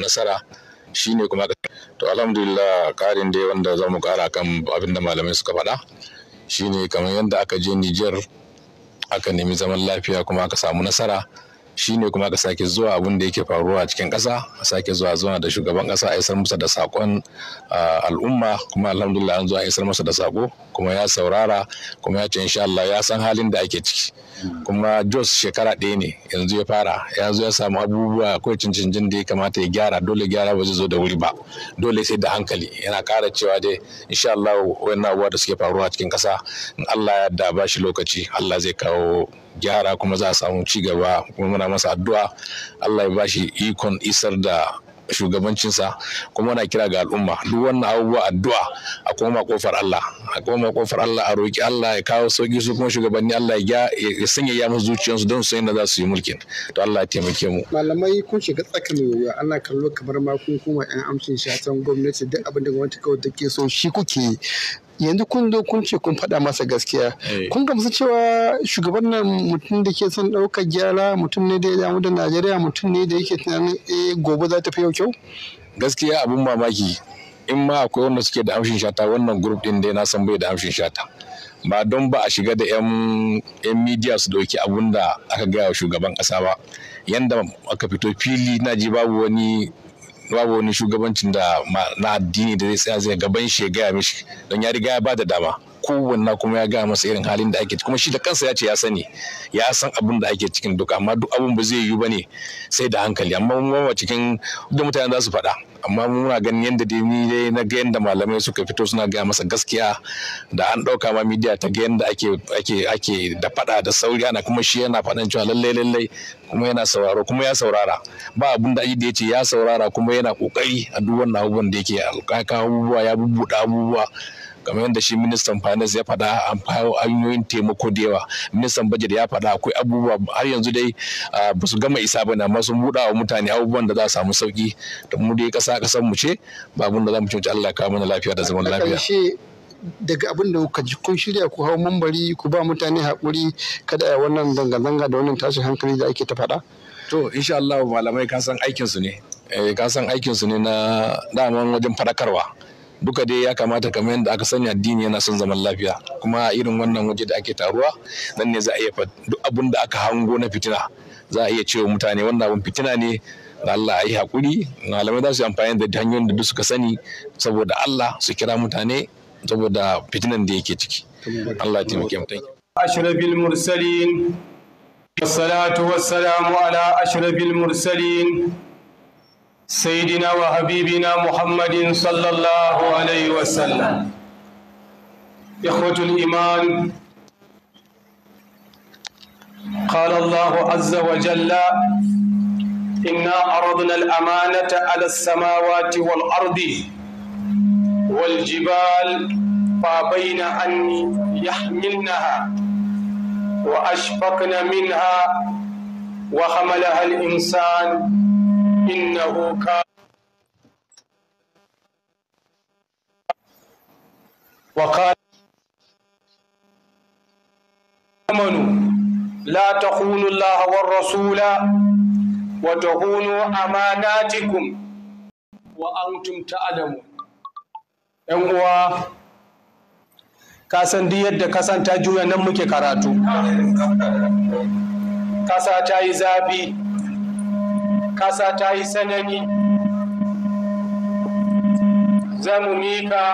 nasara ne kuma to alhamdulillah karin dai wanda za mu kara kan abin da malamai suka faɗa shine kamar yadda aka je Nijar aka nemi zaman lafiya kuma aka samu nasara shine kuma aka sake zuwa abin da yake faruwa a cikin ƙasa a sake zuwa zuwa da shugaban ƙasa a isar masa da saƙon al'umma kuma alhamdulillah an zuwa a isar masa da sako kuma ya saurara kuma ya ce insha Allah ya san halin da ake ciki kuma jos shekara ɗaya ne yanzu ya fara ya zo ya samu abubuwa ko cincinjin da ya kamata ya gyara dole gyara ba zai zo da wuri ba dole sai da hankali yana ƙara cewa dai insha Allah wannan abubuwa da suke faruwa cikin ƙasa in Allah ya yarda ba shi lokaci Allah zai kawo gyara kuma za a samu ci gaba kuma muna masa addu'a Allah ya bashi ikon isar da shugabancinsa kuma na kira ga al'umma duk wannan abubuwa addu'a a koma kofar Allah a koma kofar Allah a roki Allah ya kawo sauki su kuma shugabanni Allah ya sanya ya musu zuciyarsu don su yadda za su yi mulkin to Allah ya taimake mu malamai kun shiga tsakan mai wuya ana kallo kamar ma kun koma yan amshin shatan gwamnati duk abin da gwamnati kawai take so shi kuke yanzu kun zo kun ce kun faɗa masa gaskiya eh. kun gamsu cewa shugaban nan mutum da ke son ɗaukar gyara mutum ne da ya damu da najeriya mutum ne da yake tunanin eh gobe za ta fi yau kyau gaskiya abin mamaki in ma akwai wanda suke da amshin shata wannan grup din dai na san bai da amshin shata ba don ba a shiga da 'yan midiya su dauki abun da aka gaya wa shugaban kasa ba yanda aka fito fili na ji babu wani babu wani shugabancin da na addini da zai tsaya zai gaban shi ya gaya mishi don ya riga ya bada dama kowanne kuma ya gaya masa irin halin da ake kuma shi da kansa ya ce ya sani ya san abin da ake cikin duka amma duk abin ba zai yi ba ne sai da hankali amma mu cikin duk mutane za su faɗa amma muna ganin yadda dai ni dai na ga yadda malamai suka fito suna gaya masa gaskiya da an ɗauka ma midiya ta ga yadda ake ake ake da faɗa da sauri ana kuma shi yana faɗan cewa lallai lallai kuma yana sauraro kuma ya saurara ba abin da da ya ce ya saurara kuma yana kokari a duk wannan abubuwan da yake alƙaƙa abubuwa ya bubbuɗa abubuwa kamar yadda shi ministan finance ya faɗa an hanyoyin taimako da yawa ministan budget ya faɗa akwai abubuwa har yanzu dai ah, ba su gama isa ba na masu buɗa wa mutane abubuwan da za su samu sauki da mu dai ƙasa ƙasar mu ce ba abin da za mu ci Allah ka mana lafiya da zaman lafiya daga abin da kuka ji kun shirya ku hau mambari ku ba mutane haƙuri kada wannan zanga-zanga da wannan tashin hankali da ake ta faɗa to insha Allah malamai ka san aikin su ne eh, ka san aikin ne na daman wajen faɗakarwa duka dai ya kamata kamar yadda aka sani addini yana son zaman lafiya kuma irin wannan waje da ake taruwa nan ne za a iya duk abin da aka hango na fitina za a iya cewa mutane wannan abin fitina ne da Allah ya yi hakuri malamai za su amfani da hanyoyin da duk suka sani saboda Allah su kira mutane saboda fitinan da yake ciki Allah ya taimake mu ashrafil mursalin والصلاة والسلام على أشرف المرسلين سيدنا وحبيبنا محمد صلى الله عليه وسلم إخوة الإيمان قال الله عز وجل إنا عرضنا الأمانة على السماوات والأرض والجبال فأبين أن يحملنها وأشفقن منها وحملها الإنسان إنه كان وقال آمنوا لا تخونوا الله والرسول وتخونوا أماناتكم وأنتم تعلمون ‘Yan هو kasan duk yadda kasan ta juya nan muke karatu, kasa ta yi zafi. Kasa ta yi tsanani za mu mika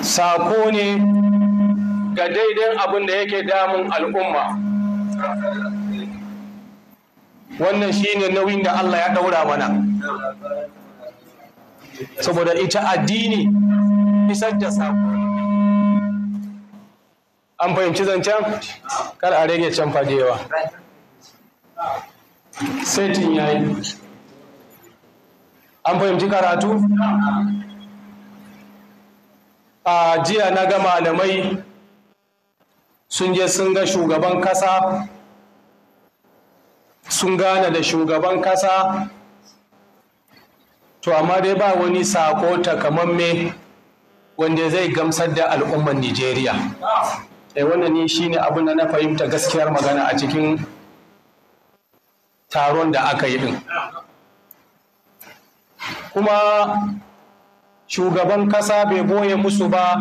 sako ne ga daidai abin da yake damun al'umma wannan shine nauyin da Allah ya ɗaura mana saboda ita addini isar da sako an fahimci zancen kar a rage can fadewa setin ya yi an fahimci karatu a jiya na ga malamai sun je sun ga shugaban kasa sun gane da shugaban kasa to amma dai ba wani sako takamamme wanda zai gamsar da al'ummar nigeria e wannan ne ne abin da na fahimta gaskiyar magana a cikin taron da aka yi din kuma shugaban kasa bai boye musu ba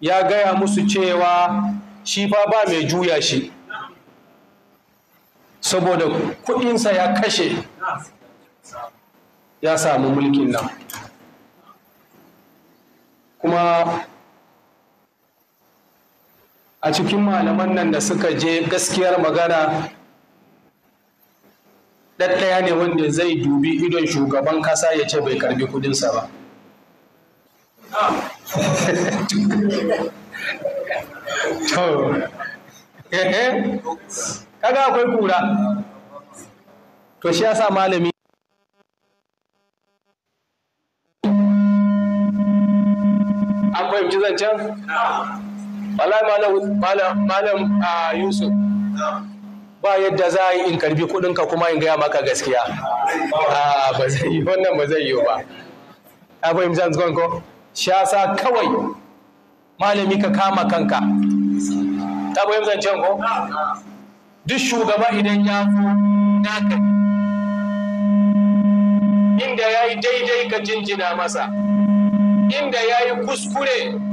ya gaya musu cewa shi fa ba mai juya shi saboda kudinsa ya kashe ya samu mulkin nan kuma a cikin malaman nan da suka je gaskiyar magana ɗaya ne wanda zai dubi idon shugaban kasa ya ce bai karbi kudinsa ba kaga akwai kura to shi yasa malami an fahimci zancen? Wala malam malam Yusuf ba yadda za a yi in karbi kudinka kuma in gaya maka gaskiya a ba zai yi wannan ba zai yi ba abu yi zan zuwan ko sha sa kawai malami ka kama kanka ta yi zan ko duk shugaba idan ya zo naka inda ya yi daidai ka jinjina masa inda ya yi kuskure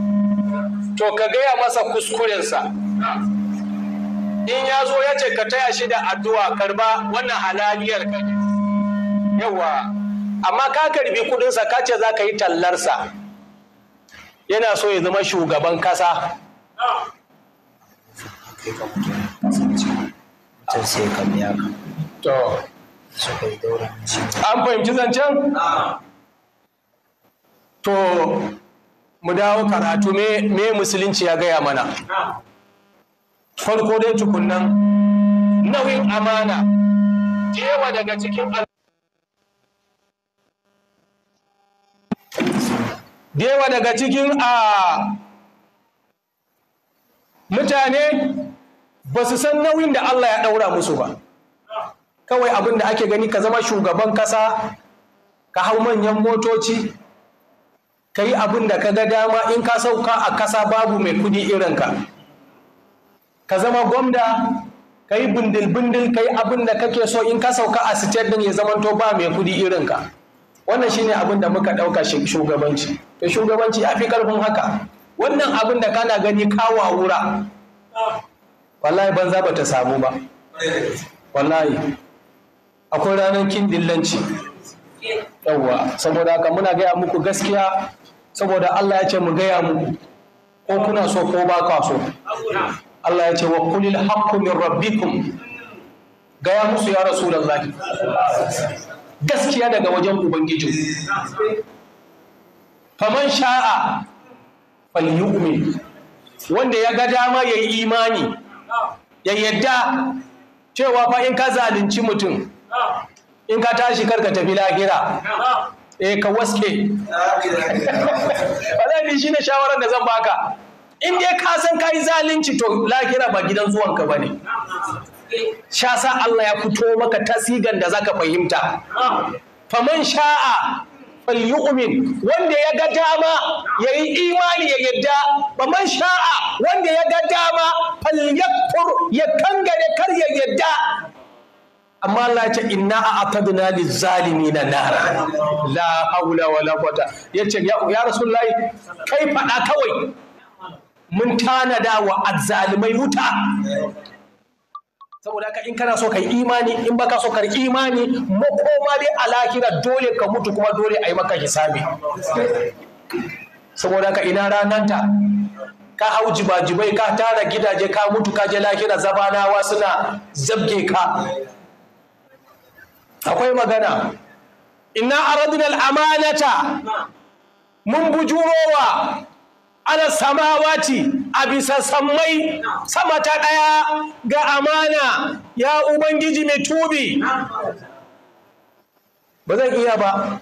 to ka gaya masa kuskurensa in ya zo ya ce ka taya shi da addu'a karba wannan halaliyar ka ne yawa amma ka karbi kudinsa ka ce za ka yi tallarsa yana so ya zama shugaban kasa an fahimci zancen? to mu dawo karatu me musulunci ya gaya mana farko dai tukunan, nauyin amana jewa daga cikin Dewa daga cikin a mutane ba su san nauyin da Allah ya ɗaura musu ba. Kawai abin da ake gani ka zama shugaban ƙasa, ka hau manyan motoci, ka yi abin da ka ga dama in ka sauka a kasa babu mai kudi irinka ka zama gwamna ka yi bindil-bindil ka yi abin da kake so in ka sauka a state din ya to ba mai kudi irinka wannan shine abin da muka ɗauka shugabanci to shugabanci ya fi karfin haka wannan abin da kana gani kawa wura wallahi banza ba ta samu ba wallahi akwai ranar kin dillanci yawwa saboda haka muna gaya muku gaskiya saboda Allah ya ce mu gaya mu ko kuna so ko ba ka so Allah ya ce wa kulil haqqu min rabbikum gaya musu ya rasulullah gaskiya daga wajen ubangijin faman sha'a falyu'min wanda ya ga dama yayi imani ya yadda cewa fa in ka zalunci mutum in ka tashi karka tafi lahira eh ka waske shi ne shawarar da zan baka in dai ka san kai zalunci to lahira ba gidan zuwanka bane sha sa Allah ya fito maka tasigan da zaka fahimta faman sha'a falyu'min wanda ya ga dama yayi imani ya yadda Ba man sha'a wanda ya ga dama falyakfur ya kangare kar ya yadda amma Allah ya ce inna a'tadna na nara la haula wala quwata yace ya ya rasulullahi kai fada kawai mun tanada wa azzalimai wuta saboda haka in kana so kai imani in baka so kai imani mu koma dai lahira dole ka mutu kuma dole a maka hisabi saboda haka ina rananta ka hau jibajibai ka tara gidaje ka mutu ka je lahira zabanawa suna zabge ka akwai magana Ina aradna al-amanata mun bujurowa ala samawati a bisa sammai sama ta ɗaya ga amana ya ubangiji mai tubi ba zan iya ba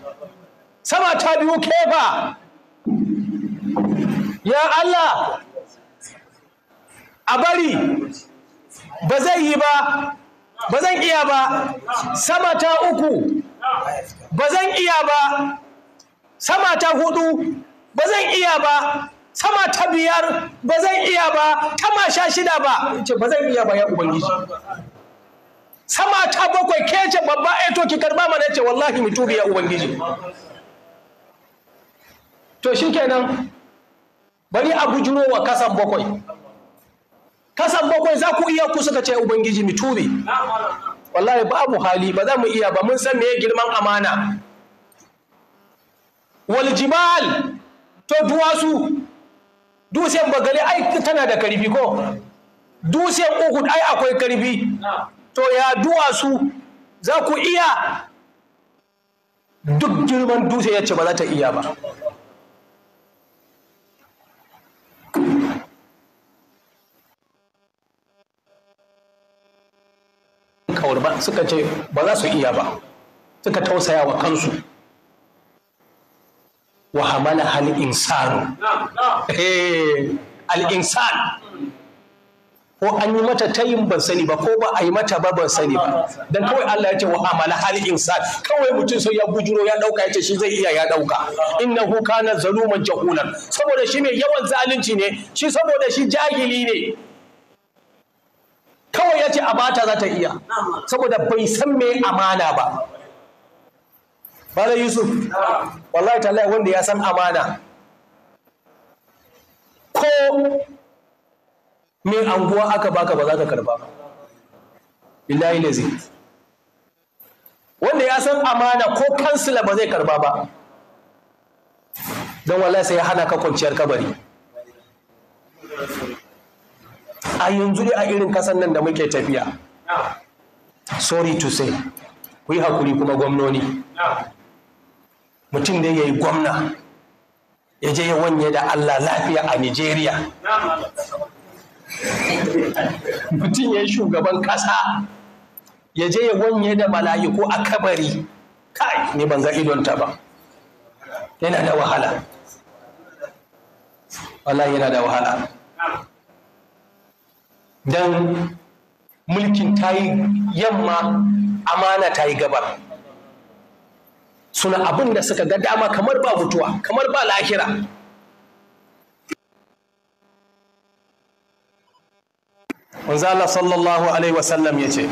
sama ta biyu kefa ya Allah a bari ba zai yi ba ba zan iya ba sama ta uku ba zan iya ba sama ta hudu ba zan iya ba sama ta biyar ba zan iya ba kama sha shida ba ce ba zan iya ba ya ubangiji sama ta bakwai ke ce babba ai eh to ki karba mana ce wallahi mu tubi ya ubangiji to shikenan bari a bujuro wa kasan bakwai kasan bakwai za ku iya kusa ka ce ubangiji mu tube wallahi babu hali ba za mu iya ba mun san meye girman amana wal jibal to duwatsu dutsen bagale ai tana da karfi ko dusen uku ai akwai karfi to ya duwatsu za ku iya duk girman dutse ya ce ba za ta iya ba kawar ba suka ce ba za su iya ba suka tausaya wa kansu wa hamala hal insanu eh, al insan ko an yi mata tayin ban sani ba ko ba a yi mata ba ban sani ba dan kawai Allah ya ce wa hamala hal insan kawai mutum sai ya bujuro ya dauka ya ce shi zai iya ya dauka innahu kana zaluman jahulan saboda shi mai yawan zalunci ne shi saboda shi jahili ne kawai ya ce a bata za ta iya saboda bai san me amana ba Bala Yusuf wallahi tallahi wanda ya san amana ko mai anguwa aka baka ba za ka karba billahi zai wanda ya san amana ko kansila ba zai karba ba don wallahi sai ya hana ka kwanciyar kabari a yanzu dai a irin kasan nan da muke tafiya sorry to say ku yi hakuri kuma gwamnoni mutum da ya yi gwamna ya je ya wanye da Allah lafiya a Nigeria mutum ya yi shugaban kasa ya je ya wanye da ko a kabari kai ne ban ga idonta ba yana da wahala wallahi yana da wahala don mulkin ta yi yamma amana ta yi gabar suna abin da suka ga dama kamar ba mutuwa kamar ba lahira Allah sallallahu alaihi wasallam ya ce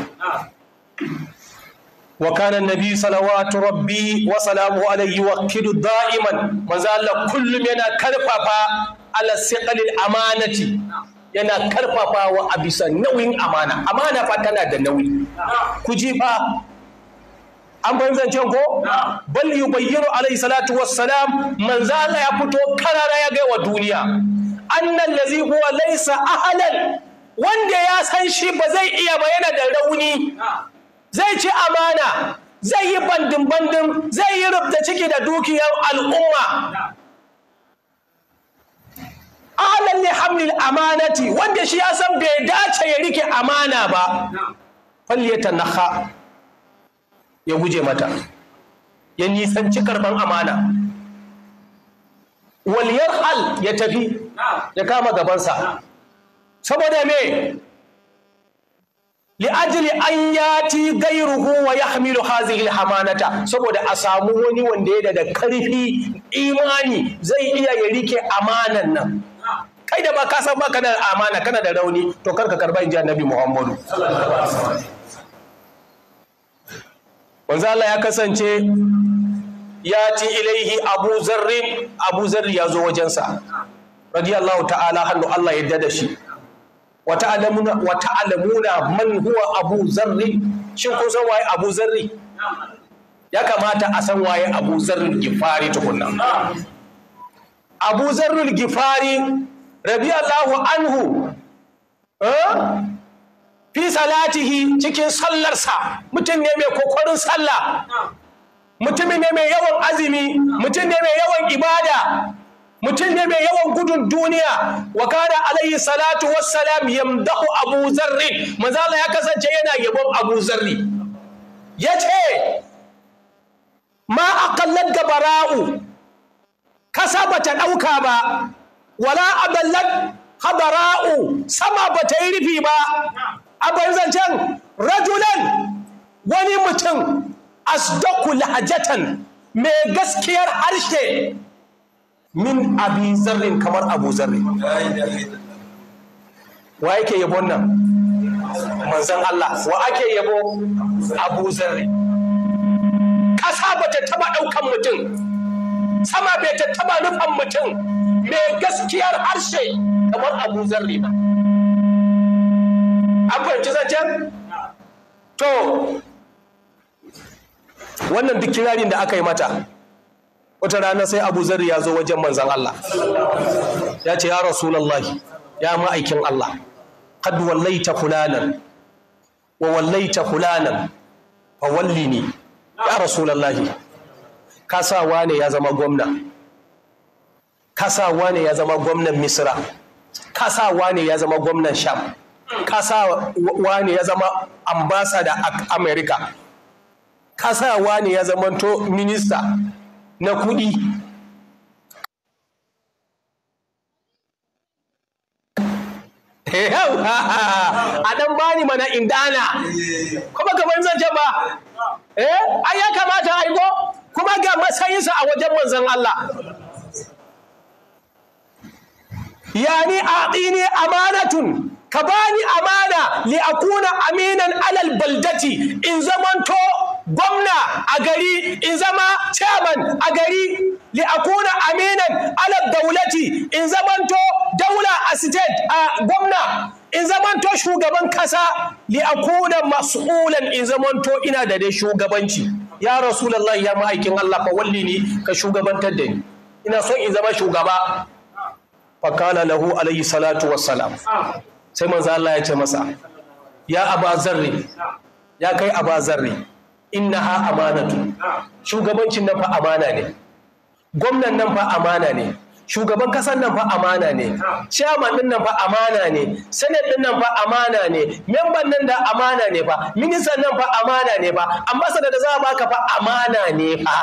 wa kana nabi salawatu rabbi wa salamu alayhi wa kidu da'iman manzo Allah kullum yana karfafa ala siqalil amanati yana karfafawa a bisa nauyin amana amana fa tana da nauyi ku ji fa an fahimtancen ko bal yubayyiru alayhi salatu wassalam manzo Allah ya fito karara ya gaya wa duniya annal ladhi huwa laysa ahlan wanda ya san shi ba zai iya ba yana da rauni zai ci amana zai yi bandin bandin zai yi rubda ciki da dukiyar al'umma alan li hamlil amanati wanda shi ya san bai dace ya rike amana ba falliyata naha ya guje mata ya nisanci karban amana wal yarhal ya tafi ya kama gabansa saboda me li'ajili an yati gairuhu wa yahmilu hazihi hamanata saboda a samu wani wanda ya da karfi imani zai iya ya rike amanan nan kai da ba ka san ba kana amana kana da rauni to kar ka karba inji annabi muhammadu wanzu Allah ya kasance ya ci ilaihi abu zarri abu zarri ya zo wajensa radiyallahu ta'ala hannu Allah ya dada shi wa ta'alamuna man huwa abu zarri shin kun san waye abu zarri ya kamata a san waye abu zarri gifari tukunna abu zarri gifari radiyallahu anhu eh, fi salatihi cikin sallarsa mutum ne mai kokarin sallah mutum ne mai yawan azumi mutum ne mai yawan ibada mutum ne mai yawan gudun duniya wa kana alayhi salatu wassalam yamdahu abu zarri manzala ya kasance yana yabon abu zarri yace ma aqallat da bara'u kasa bata dauka ba wala adallat hadara'u sama ba ta yi rufi ba a banzancen rajulan wani mutum asdaku lahajatan mai gaskiyar harshe min abi zarrin kamar abu zarri wa yake yabo nan manzan Allah wa ake yabo abu zarri ƙasa ba ta taba ɗaukan mutum sama bai ta taba nufan mutum mai gaskiyar harshe kamar abu zarri ba an fahimci zancen to wannan duk kirarin da aka yi mata wata rana sai abu zarri ya zo wajen manzan Allah ya ce ya Rasulallah, ya ma'aikin Allah kad kula fulanan wa kula fulanan fa walli ne ya Ka sa wane ya zama gwamna kasawa ne ya zama gwamnan misira kasawa ne ya zama gwamnan sham kasawa ne ya zama ambasada a america kasawa ne ya to minista na kudi a ba bani mana indana kuma kamar zance ba eh ai ya kamata aiko kuma ga matsayinsa a wajen wanzan Allah yani a'tini amanatun ka bani amana li akuna aminan alal baldati in zamanto gwamna a gari in zama chairman a gari li akuna aminan alal daulati in zamanto daula a state a gwamna in zamanto shugaban kasa li akuna mas'ulan in zamanto ina da dai shugabanci ya Rasulallah! ya ma'aikin Allah fa walli ni ka shugabantar da ni ina son in zama shugaba fakala lahu alayhi salatu wassalam ah. sai manzo Allah ya ce masa ya aba zarri ya kai aba zarri innaha amanatu ah. shugabancin nan fa amana ne gwamnan nan fa amana ne shugaban kasar nan fa amana ne ah. chairman din nan fa amana ne senate din nan fa amana ne member nan da amana ne fa minister nan fa amana ne fa ambassador da za a baka fa amana ne fa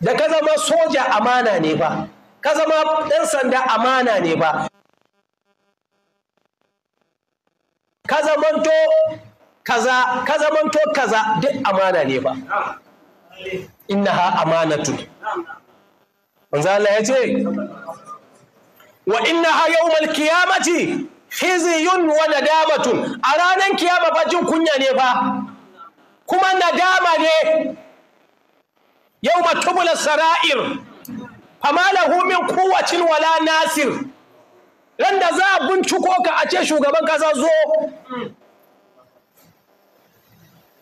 da ka zama soja amana ne fa ka zama ɗan sanda amana ne ba ka zamanto kaza ka zamanto kaza duk amana ne ba innaha amanatu manzo Allah ya ce wa innaha yawmal qiyamati khizyun wa nadamatun a ranar kiyama fa jin kunya ne fa kuma nadama ne yawma tubula sara'ir famalahu min kuwacin wala nasir ran da za a binciko ka a ce shugaban kasa zo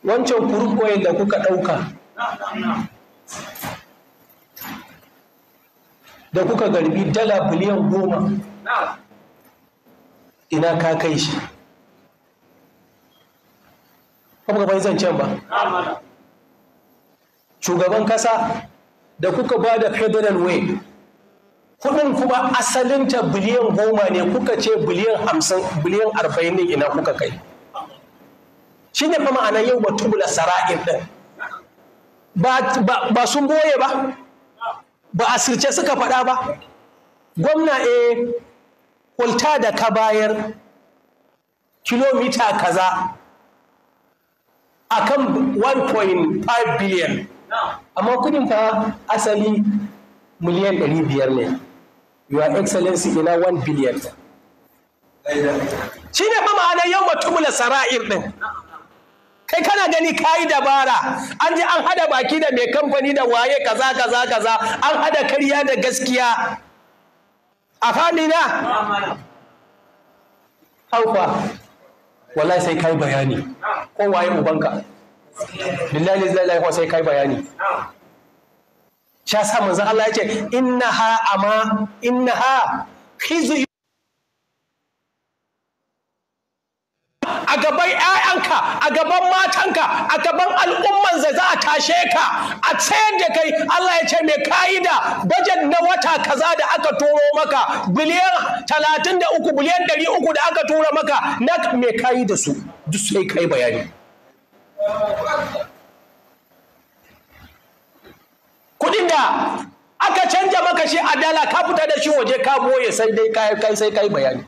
wancan kurkoyin da kuka ɗauka da kuka garbi dala biliyan goma ina ka kai shi ba ku ga zancen ba shugaban kasa da kuka ba da federal way kudin kuma asalinta biliyan goma ne kuka ce biliyan hamsin biliyan arba'in ne ina kuka kai shi ne fa ma'ana yau ba tubula sara'in ɗin ba sun boye ba ba a sirce suka faɗa ba gwamna e eh, kulta da ka bayar kilomita kaza akan 1.5 biliyan amma kudin fa asali miliyan ɗari biyar ne your excellency ina 1 billion shi ne ba ma'anar yau mutumula sara'ir ɗin kai kana gani kayi dabara an ji an hada baki da mai kamfani da waye kaza kaza kaza an hada karya da gaskiya a na? haufa wallahi sai kai bayani ko waye ubanka ne zai ilaha sai kai bayani sha sa manzo Allah yake amma ama innaha khizyu a gaban 'ya'yanka a gaban matanka a gaban al'umman za a tashe ka a tsayar da kai Allah ya ce mai ka'ida bajet na wata kaza da aka turo maka biliyan talatin da uku biliyan ɗari uku da aka turo maka na mai ka’ida su duk sai kai bayani kuɗin da aka canja maka shi a dala ka fita da shi waje ka boye sai dai kai sai kai bayani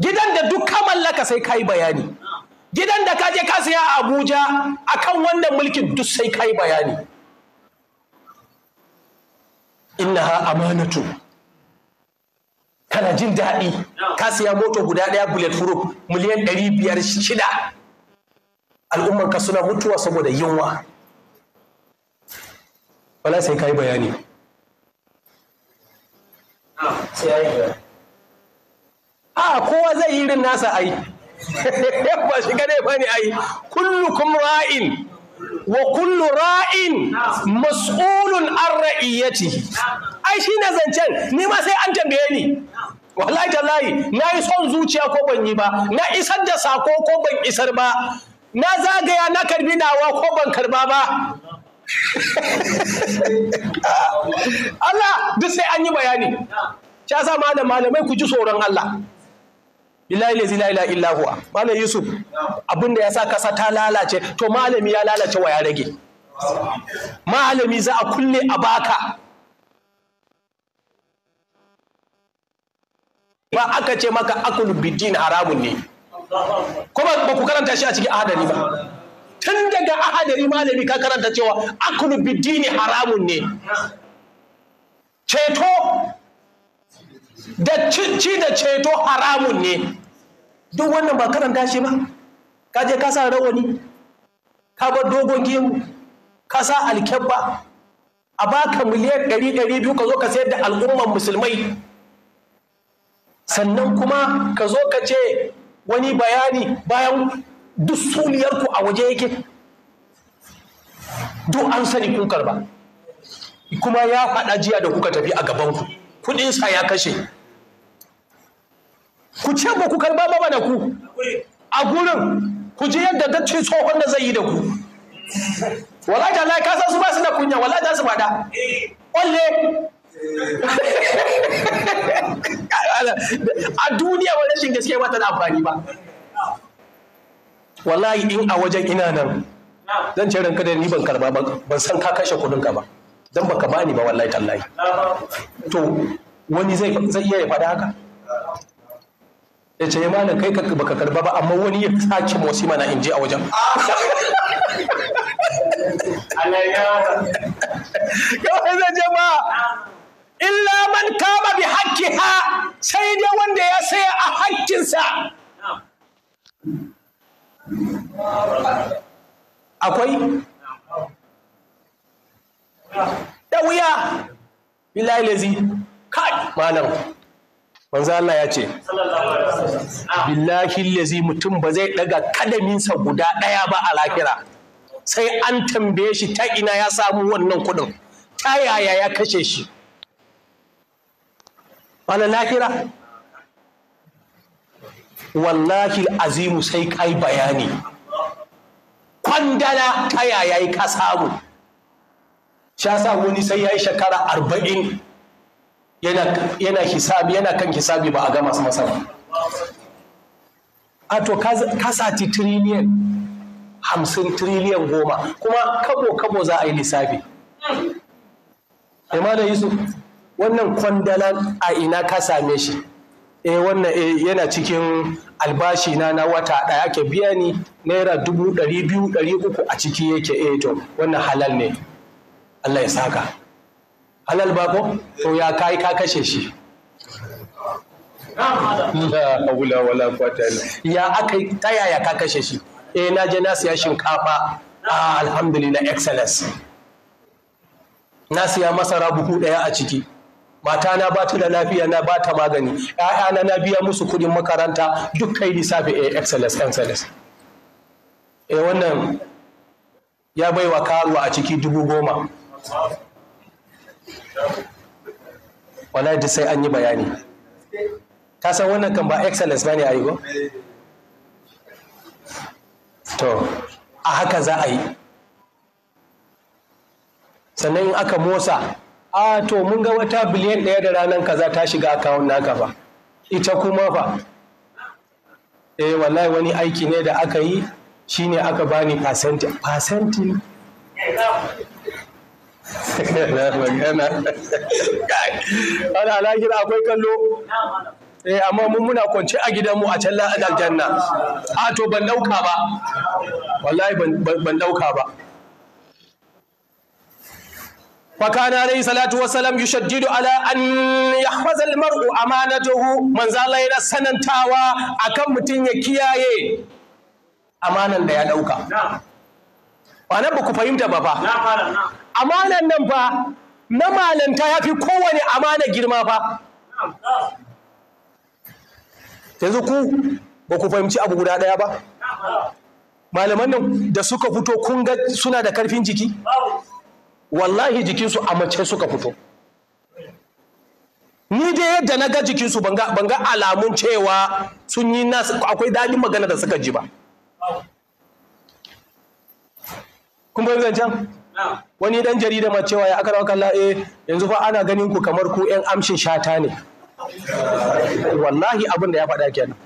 gidan da duk ka mallaka sai kai bayani gidan da ka je ka siya a Abuja akan wannan mulkin duk sai kai bayani innaha amanatu kana jin daɗi ka siya moto guda ɗaya bulletproof miliyan ɗari biyar shida Al'ummanka suna mutuwa saboda yunwa wala sai ka yi bayani a kowa zai yi irin nasa ai ba shi gane ba ne ai kullukum ra'in wa kullu ra'in mas'ulun an ra'iyatihi ai shi na zancen ni ma sai an tambaye ni wallahi layi na yi son zuciya ko ban yi ba na isar da sako ko ban isar ba na zagaya na karbi nawa ko ban karba ba Allah duk sai an yi bayani shi yasa malam malamai ku ji tsoron Allah billahi la ilaha illa malam yusuf abinda ya sa kasa ta lalace to malami ya lalace wa ya rage malami za a kulle a baka ba aka ce maka akul bidin haramun ne ko ba ku karanta shi a cikin ahadari ba tun daga ahadari malami ka karanta cewa akulu bidini haramun ne ceto da ci da ceto haramun ne duk wannan ba karanta shi ba ka je ka sa rawani ka bar dogon gemu ka sa alkyabba a baka miliyan ɗari ɗari biyu ka zo ka sayar da al'umman musulmai sannan kuma ka zo ka ce wani bayani bayan duk suliyarku a waje yake duk an sani kun karba kuma ya faɗa jiya da kuka tafi a gabanku kuɗinsa ya kashe ku ce ba ku karba ba mana ku a gurin ku ji yadda dattin tsohon da zai yi da ku wallahi da Allah ka san su ba su da kunya wallahi da su faɗa kwalle a duniya ba rashin gaske ba ta da amfani ba wallahi in a wajen ina nan zan ce ranka da ni ban karba ba ban san ka kashe kudin ka ba dan baka bani ba wallahi tallahi to wani zai zai iya ya faɗa haka ya ya malam kai baka karba ba amma wani ya sace motsi mana in je a wajen kawai zan je ba illa man kama bi haqqiha sai dai wanda ya saya a haƙƙinsa akwai da wuya billahi lazi kai malam manzo Allah ya ce billahi lazi mutum ba zai daga kadaminsa guda ɗaya ba a lafira sai an tambaye shi ta ina ya samu wannan kudin ta yaya ya kashe shi ranar lahira wallahi azimu sai kai bayani kwandala ya yayi ka mu. sha sa wani sai ya yi shekara arba'in yana hisabi yana kan hisabi ba a gama masa a to kasati triliyan, hamsin triliyan goma kuma kabo kabo za a yi lissafi imanin yusuf wannan kwandalan a ina ka same shi eh wannan eh yana cikin albashi na na wata ɗaya ake biya ni naira dubu ɗari biyu ɗari uku a ciki yake eh to wannan halal ne Allah ya saka halal ba ko to ya kai ka kashe shi ya aka yi ta yaya ka kashe shi eh na je na siya shinkafa ah, alhamdulillah excellence na siya masara buhu ɗaya a ciki mata na ba ta da lafiya na ba ta magani Ya'yana na biya musu kuɗin makaranta duk kai lissafi a eh, excellence excellence eh wannan ya bai wa karuwa a ciki dubu goma wallahi duk sai an yi bayani ka san wannan kan ba excellence ne a yi ba? to a haka za a yi sannan in aka motsa a to mun ga wata biliyan ɗaya da ranar kaza ta shiga akawun naka fa ita kuma fa eh wallahi wani aiki ne da aka yi shine aka bani Pasenti? fasenti ana alakira akwai kallo eh amma mun muna kwance a gidanmu a can la'adar janna a to ban dauka ba wallahi ban dauka ba وكان عليه الصلاه والسلام يشدد على ان يحفظ المرء امانته من ذا لينا سننتاوا اكن متين يكياي امانن da ya dauka na wannan ba ku fahimta ba fa na nan fa na malanta yafi kowane amana girma fa yanzu ku ba ku fahimci abu guda ɗaya ba malaman nan da suka fito kun ga suna da karfin jiki wallahi jikinsu a mace suka fito ni dai yadda na ga jikinsu ban ga alamun cewa sun yi nasu akwai daɗin magana da suka ji ba kun bai zancen wani dan jarida ma cewa ya aka rawa kalla eh yanzu fa ana ganin ku kamar ku yan amshin shata ne wallahi abin da ya faɗa kenan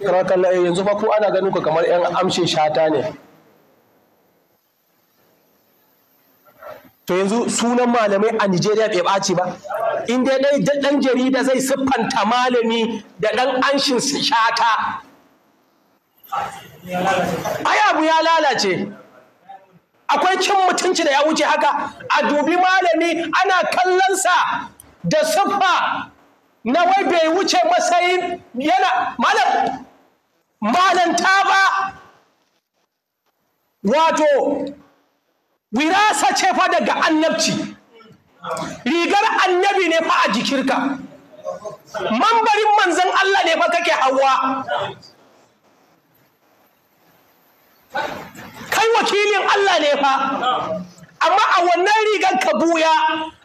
rawa kalla eh yanzu fa ku ana ganin ku kamar yan amshin shata ne to yanzu sunan malamai a Nijeriya bai ɓaci ba in dai ɗan jarida zai siffanta malami da ɗan anshin shata ai abu ya lalace akwai cin mutunci da ya wuce haka a dubi malami ana kallonsa da siffa na wai bai wuce matsayin yana malam malanta ba wato wirasa ce fa daga annabci rigar annabi ne fa a jikirka mambarin manzan Allah ne fa kake hawa kai wakilin Allah ne fa amma a wannan rigar ka buya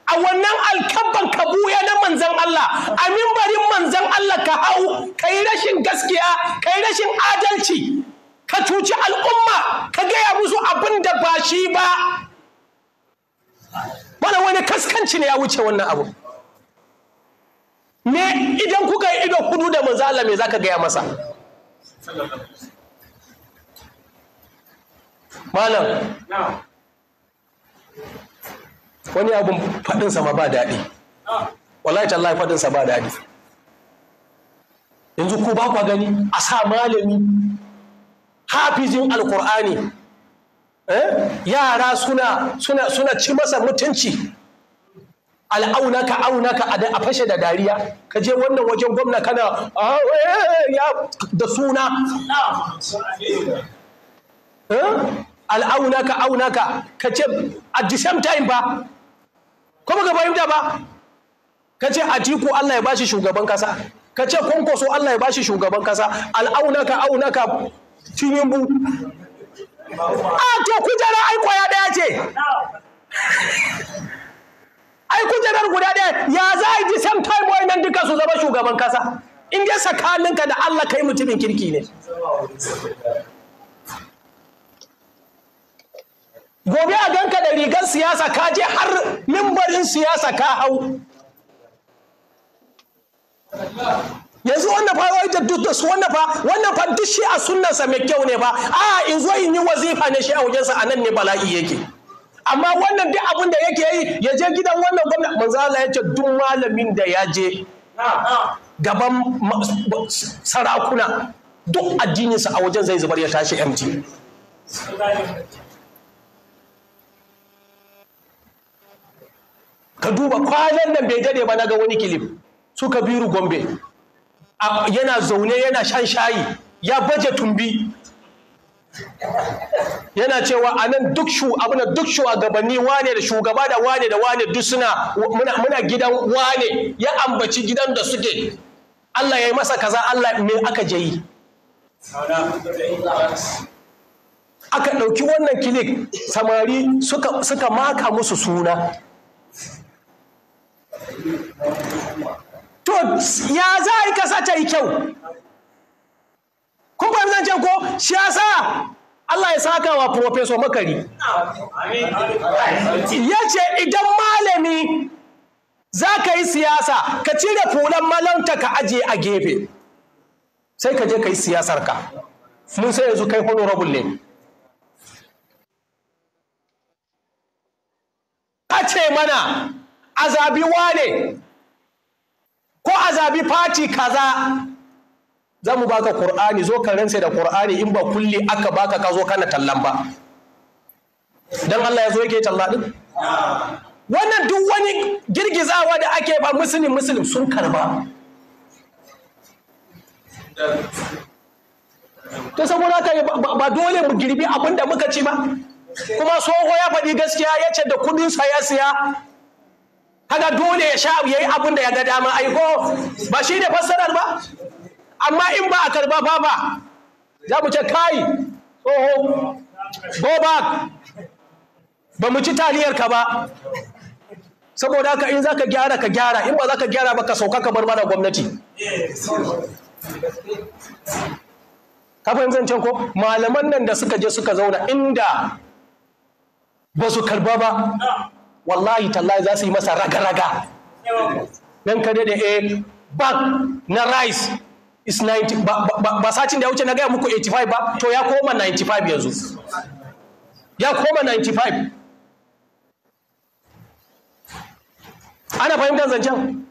a wannan alkabban ka buya na manzan Allah a mimbarin manzan Allah ka hau kai rashin gaskiya kai rashin adalci ka cuci al'umma ka gaya musu abin da ba shi ba wannan wani kaskanci ne ya wuce wannan abu me idan kuka yi ido kudu da manzo Allah me zaka gaya masa malam wani abun faɗinsa ma ba daɗi wallahi tallahi faɗinsa ba daɗi yanzu ku ba kwa gani a sa malami hafizin alkur'ani eh? yara suna suna suna ci masa mutunci al'aunaka aunaka a fashe da dariya ka je wannan wajen gwamna kana ah, eh, da suna eh? al'aunaka aunaka ka ce at the same time ba kuma ka da ba ka ce a atiku Allah ya bashi shugaban kasa ka ce kwankwaso Allah ya bashi shugaban kasa al'aunaka aunaka tinubu a ah, to kujera aiko ya daya ce ai kujerar guda ɗaya. ya za a ji same time nan duka su zama shugaban kasa in dai tsakaninka da Allah kai mutumin kirki ne gobe a ganka da rigar siyasa ka je har mimbarin siyasa ka hau yanzu wannan fa wai da wannan fa wannan fa duk shi a sa mai kyau ne ba a in zo in yi wazifa ne shi a wajensa anan ne bala'i yake amma wannan duk abin da yake yi ya je gidan wannan gwamna manzo Allah ya ce duk malamin da ya je gaban sarakuna duk addininsa a wajen zai zubar ya tashi mt. ka duba kwanan nan bai dade ba na ga wani kilif su kabiru gombe yana zaune yana shan shayi ya baje tumbi yana cewa a nan duk shu abin duk shugabanni wane da shugaba da wane da wane duk suna muna, gidan wane ya ambaci gidan da suke Allah ya yi masa kaza Allah mai aka je aka ɗauki wannan kilik samari suka maka musu suna to ya za a yi kasa ta yi kyau Kuma yi zan ko shi ya Allah ya saka wa Profesor Makari ya ce idan malami za ka yi siyasa ka cire fulan malanta ka ajiye a gefe sai ka je ka yi siyasar ka mun sai yanzu kai honorable ne a ce mana azabi wane ko a zabi fati kaza za mu baka Kur'ani zo ka ransa da Kur'ani in ba kulli aka baka ka zo kana tallan ba Don Allah ya zo yake talla wannan duk wani girgizawa da ake ba musulmi musulmi sun karba ta saboda yi ba dole mu girbi abin da muka ci ba kuma soho ya faɗi gaskiya ya ce da kudinsa ya siya kaga dole ya sha yayi abin da ya ga dama aiko ba shi ne fassarar ba amma in ba a karba ba ba za mu ce kai oho go back ba mu ci taliyar ka ba saboda haka in zaka gyara ka gyara in ba zaka gyara ba ka sauka ka bar mana gwamnati kafin can ko malaman nan da suka je suka zauna inda ba su karba ba wallahi tallahi za su yi masa raga-raga don ka daɗe a eh, bank na rice is 90 ba sacin da ya wuce na gaya muku 85 ba to ya koma 95 yanzu ya koma 95 ana fahimtar zancen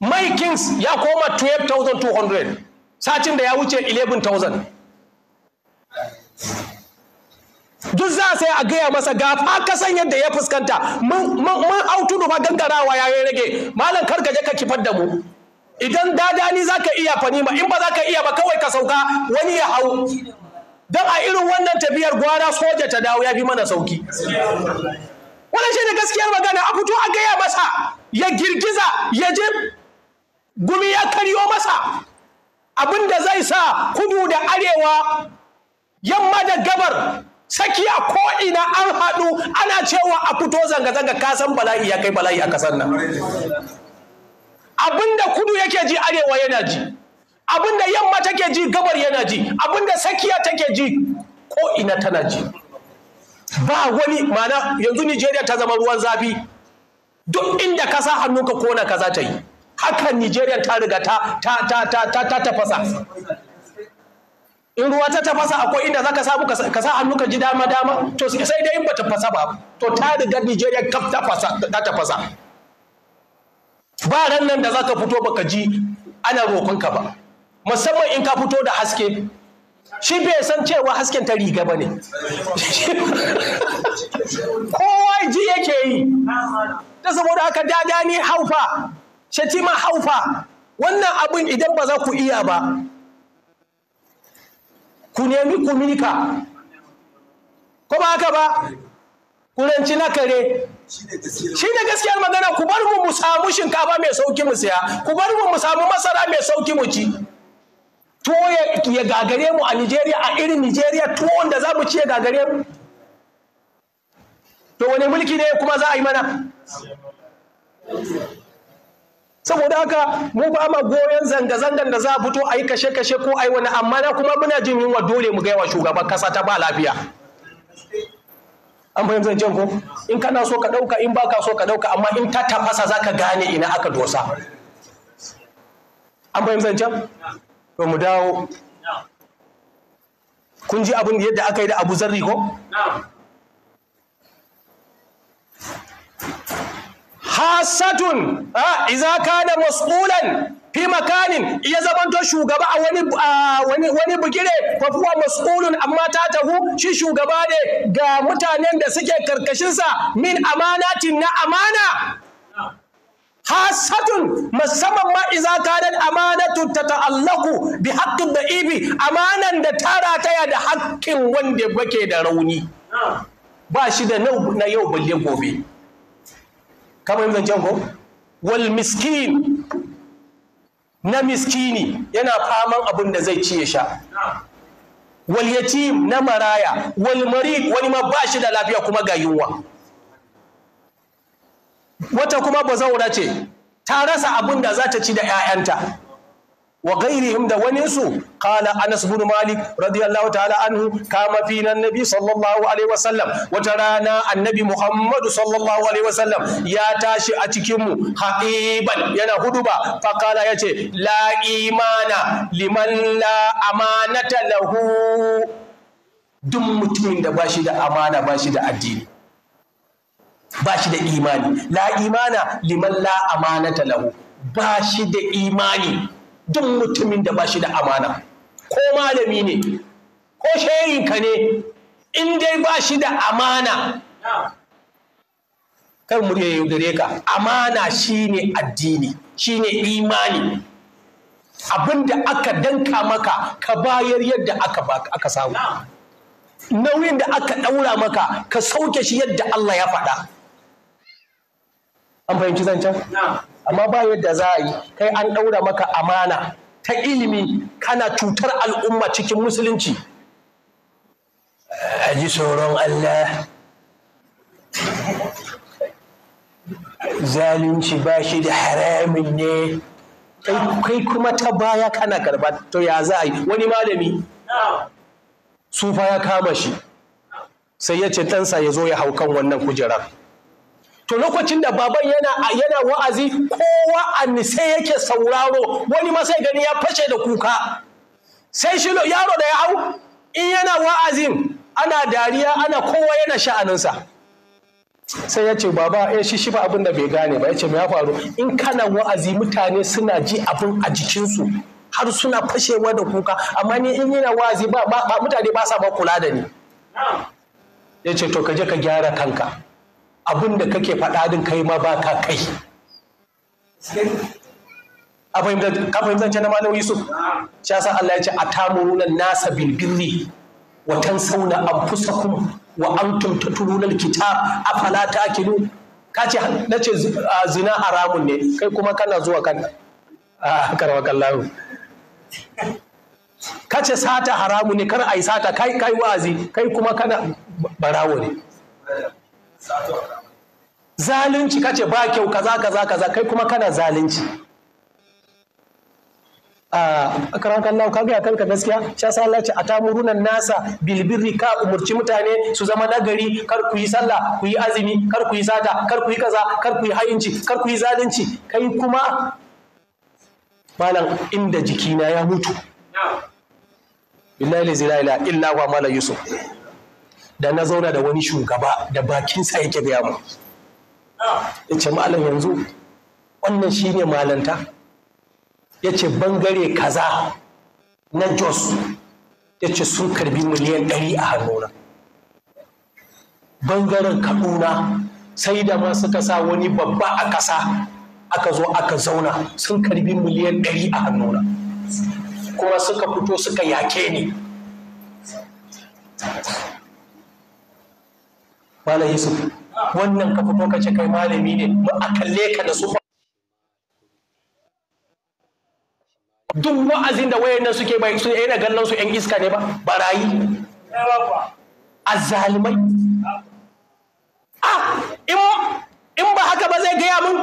mai kings ya koma 12,200 sacin da ya wuce 11,000 duk za a sai a gaya masa ga fa kasan yadda ya fuskanta mun autu ma gangarawa ya rage malam kar ka je ka kifar da mu idan dadani za ka iya fanima in ba zaka ka iya ba kawai ka sauka wani ya hau don a irin wannan tafiyar gwara soja ta dawo ya fi mana sauki wannan shi ne gaskiyar magana a fito a gaya masa ya girgiza ya je. gumi ya karyo masa abinda zai sa kudu da arewa yamma da gabar sakiya ko ina an haɗu ana cewa a fito zanga-zanga kasan bala'i ya kai bala'i a kasar nan abinda kudu yake ji arewa yana ji abinda yamma take ji gabar yana ji abinda sakiya take ji ko ina tana ji ba wani mana yanzu Nijeriya ta zama ruwan zafi duk inda ka sa hannu ka kona kaza ta yi hakan Nijeriya ta riga ta ta ta ta ta tafasa in ruwa ta tafasa akwai inda zaka samu ka sa hannu ka ji dama dama to sai dai in ba tafasa ba to ta riga Nigeria kaf tafasa ba ran nan da zaka fito baka ji ana roƙon ba musamman in ka fito da haske shi bai san cewa hasken ta riga ba ne kowa ji yake yi ta saboda haka dada ne haufa shatima haufa wannan abin idan ba za ku iya ba ku nemi ku milka ko ba haka ba kuranci na kare shi ne gaskiyar magana ku bar mu mu samu shinkafa mai sauki mu siya, ku bar mu mu samu masara mai sauki mu ci tuwo ya gagare mu a Nigeria a irin Nigeria tuwo da za mu ci ya gagare mu to wani mulki ne kuma za a yi mana saboda haka mu ba ma goyon zanga-zangan da za a fito a yi kashe-kashe ko a yi wani amma na kuma muna jin yunwa dole mu gaiwa shugaban kasa ta ba lafiya an fahimta zan ko in kana so ka ɗauka in baka so ka ɗauka amma in ta tafasa za ka gane ina aka dosa an fahimta zancen to mu dawo kun ji abin yadda aka yi da abu zarri ko hasatun iza kana mas'ulan fi makanin ya zamanto shugaba a wani wani bugire ko kuwa mas'ulun amma ta tahu shi shugaba ne ga mutanen da suke karkashin sa min amanatin na amana hasatun musamman ma iza kanat amanatu tata'allaqu bi haqqi da'ibi amanan da tara taya da haƙƙin wanda bake da rauni ba shi da na yau balle gobe kamar zancen ko wal miskin na miskini yana faman abin da zai ciye sha wal yatim na maraya wal marid wani ma ba shi da lafiya kuma ga yunwa wata kuma bazaura ce ta rasa abin da za ta ci da 'ya'yanta wa ghairihim da wani waninsu qala anas bin malik radiyallahu ta'ala anhu kama fina annabi sallallahu alaihi wasallam wata rana annabi muhammadu sallallahu alaihi wasallam ya tashi a cikin mu haqiban yana huduba fa qala yace la imana liman la amanata lahu duk mutumin da bashi da amana bashi da addini bashi da imani la imana liman la amanata lahu bashi da imani duk mutumin da ba shi da amana ko malami ne ko ka ne in dai ba shi da amana kar murya ya yaudare ka amana shine addini shine imani abinda aka danka maka ka bayar yadda aka aka samu nauyin da aka ɗaura maka ka sauke shi yadda Allah ya faɗa an fahimci zancen amma ba yadda za a yi kai an ɗaura maka amana ta ilimi kana cutar al'umma cikin musulunci a ji tsoron allah zalunci ba shi da haramin ne kai kuma ta baya kana karba to ya za a yi wani malami sufa ya kama shi sai ya ce ɗansa ya zo ya hau kan wannan kujerar to lokacin da baban yana yana wa'azi kowa an sai yake sauraro wani ma sai gani ya fashe da kuka sai shi yaro da ya hau in yana wa'azin ana dariya ana kowa yana sha'aninsa sai ya ce baba ya eh, shi shi ba abin da bai gane ba ya ce me ya faru in kana wa'azi mutane suna ji abin a jikinsu har suna fashewa da kuka amma ni in yana wa'azi ba mutane ba sa ba kula da ni ya ce to ka je ka gyara kanka abin da kake faɗa din kai ma ba ka kai ka fahimtar ce na malam yusuf shi yasa Allah ya ce atamuruna nasa bil birri wa an anfusakum wa kita a falata a taqilun ka ce na ce ah, zina haramun ne kai kuma kana zuwa kan ah, karwa kallahu ka ce sata haramun ne kar a yi sata kai kai wa'azi kai kuma kana barawo ne zalunci kace ba kyau kaza kaza kaza kai kuma kana zalunci a karan kallon ka gaya kanka gaskiya sha sa Allah ce nasa bilbirri ka umurci mutane su zama nagari kar ku yi sallah ku yi azumi kar ku yi sata kar ku yi kaza kar ku yi hayinci kar ku yi zalunci kai kuma malam inda jikina ya mutu billahi la ilaha illa huwa malam yusuf da na zauna da wani shugaba da bakinsa yake gaya mu ya ce malam yanzu wannan shi shine malanta ya ce bangare kaza na jos ya ce sun karbi miliyan ɗari a hannuna bangaren kaduna sai da ma suka sa wani babba a ƙasa aka zo aka zauna sun karbi miliyan ɗari a hannuna kuma suka fito suka yake ni malam yusuf wannan ka fito ka ce kai malami ne ba a kalle ka da su duk wa'azin da wayan nan suke bai su yana gallon su yan iska ne ba barayi A ah in in ba haka ba zai gaya mun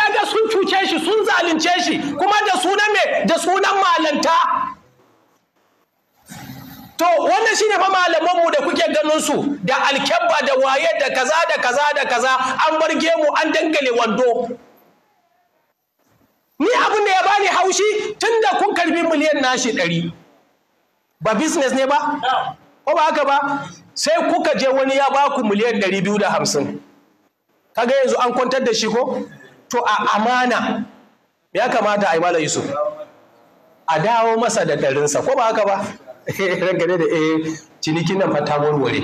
kaga sun cuce shi sun zalunce shi kuma da sunan me da sunan malanta to wannan shine fa malaman mu da kuke ganin da alkebba da waye da kaza da kaza da kaza an barge mu an dangale wando ni abin da ya bani haushi tunda kun karbi miliyan nashi ɗari ba business ne ba ko ba haka ba sai kuka je wani ya baku miliyan ɗari biyu da hamsin kaga yanzu an kwantar da shi ko to a amana ya kamata a yi yusuf a dawo masa da ɗarinsa ko ba haka ba Eh, dangane da eh ciniki nan fata warware